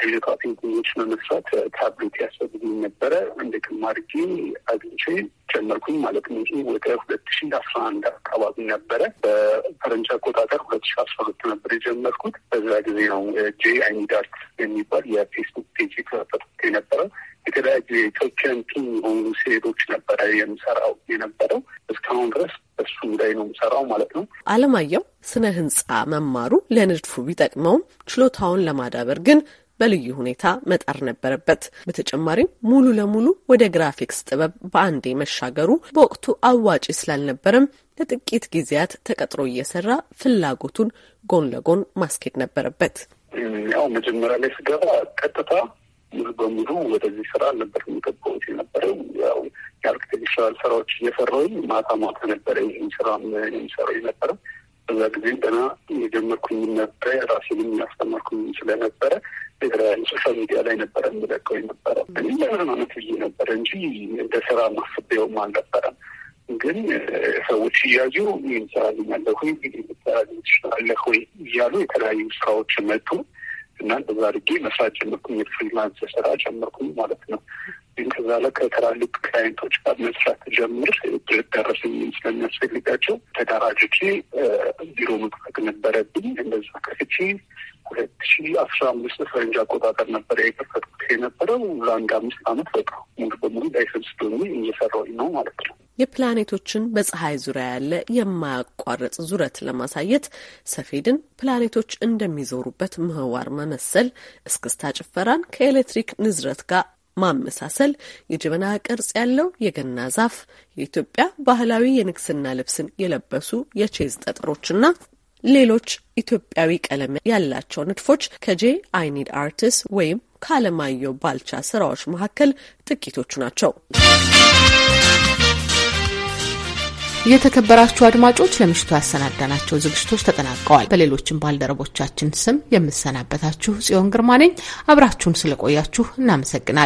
Speaker 5: ዲጂታል ፔንቲንጎች መመስራት ታብሌት ያስፈልግኝ ነበረ። እንደ ክማርጊ አግኝቼ ጀመርኩኝ ማለት ነው እንጂ ወደ ሁለት ሺ አስራ አንድ አካባቢ ነበረ በፈረንጅ አቆጣጠር ሁለት ሺ አስራ ሁለት ነበር የጀመርኩት። በዛ ጊዜ ነው ጄ አይኒዳርት የሚባል የፌስቡክ ፔጅ የተፈጠ ነበረ የተለያዩ የኢትዮጵያን ቲም የሆኑ ሴቶች ነበረ የምሰራው የነበረው እስካሁን ድረስ እሱ ላይ ነው የምሰራው ማለት ነው።
Speaker 10: አለማየሁ ስነ ህንጻ መማሩ ለንድፉ ቢጠቅመውም ችሎታውን ለማዳበር ግን በልዩ ሁኔታ መጣር ነበረበት። በተጨማሪም ሙሉ ለሙሉ ወደ ግራፊክስ ጥበብ በአንዴ መሻገሩ በወቅቱ አዋጪ ስላልነበረም ለጥቂት ጊዜያት ተቀጥሮ እየሰራ ፍላጎቱን ጎን ለጎን ማስኬድ ነበረበት።
Speaker 5: ያው መጀመሪያ ላይ ስገባ ቀጥታ ሙሉ በሙሉ ወደዚህ ስራ ነበር የሚገባውት የነበረው ያው የአርክቴክቸራል ስራዎች እየሰራሁኝ ማታ ማታ ነበረ ይህን ስራ የሚሰራ የነበረው። በዛ ጊዜ ገና የጀመርኩኝ ነበረ ራሴንም ያስተማርኩኝ ስለነበረ የተለያዩ ሶሻል ሚዲያ ላይ ነበረ የምለቀው ነበረ እኔ ለምንነት ብዬ ነበረ እንጂ እንደ ስራ ማስበውም አልነበረም። ግን ሰዎች እያዩ ይህን ሰራ ልኛለሁ ይሰራልኛለሁ እያሉ የተለያዩ ስራዎች መጡ። እና እንደዛ አድርጌ መስራት ጀመርኩኝ። የፍሪላንስ ስራ ጀመርኩኝ ማለት ነው። ግን ከዛ ላይ ከትላልቅ ክላይንቶች ጋር መስራት ጀምር ደረሰኝ ስለሚያስፈልጋቸው ተደራጅቼ ቢሮ መክፈት ነበረብኝ። እንደዛ ከፍቼ ሁለት ሺ አስራ አምስት ፈረንጅ አቆጣጠር ነበር የከፈትኩት የነበረው ለአንድ አምስት አመት በቃ ሙሉ በሙሉ ላይሰንስ ዶሚ እየሰራሁኝ ነው ማለት ነው።
Speaker 10: የፕላኔቶችን በፀሐይ ዙሪያ ያለ የማያቋርጥ ዙረት ለማሳየት ሰፌድን ፕላኔቶች እንደሚዞሩበት ምህዋር መመሰል፣ እስክስታ ጭፈራን ከኤሌክትሪክ ንዝረት ጋር ማመሳሰል፣ የጀበና ቅርጽ ያለው የገና ዛፍ፣ የኢትዮጵያ ባህላዊ የንግስና ልብስን የለበሱ የቼዝ ጠጠሮችና ሌሎች ኢትዮጵያዊ ቀለም ያላቸው ንድፎች ከጄ አይኒድ አርቲስት ወይም ከአለማየሁ ባልቻ ስራዎች መካከል ጥቂቶቹ ናቸው።
Speaker 2: የተከበራችሁ አድማጮች ለምሽቱ ያሰናዳናቸው ዝግጅቶች ተጠናቀዋል። በሌሎችም ባልደረቦቻችን ስም የምሰናበታችሁ ጽዮን ግርማ ነኝ። አብራችሁን ስለቆያችሁ እናመሰግናለን።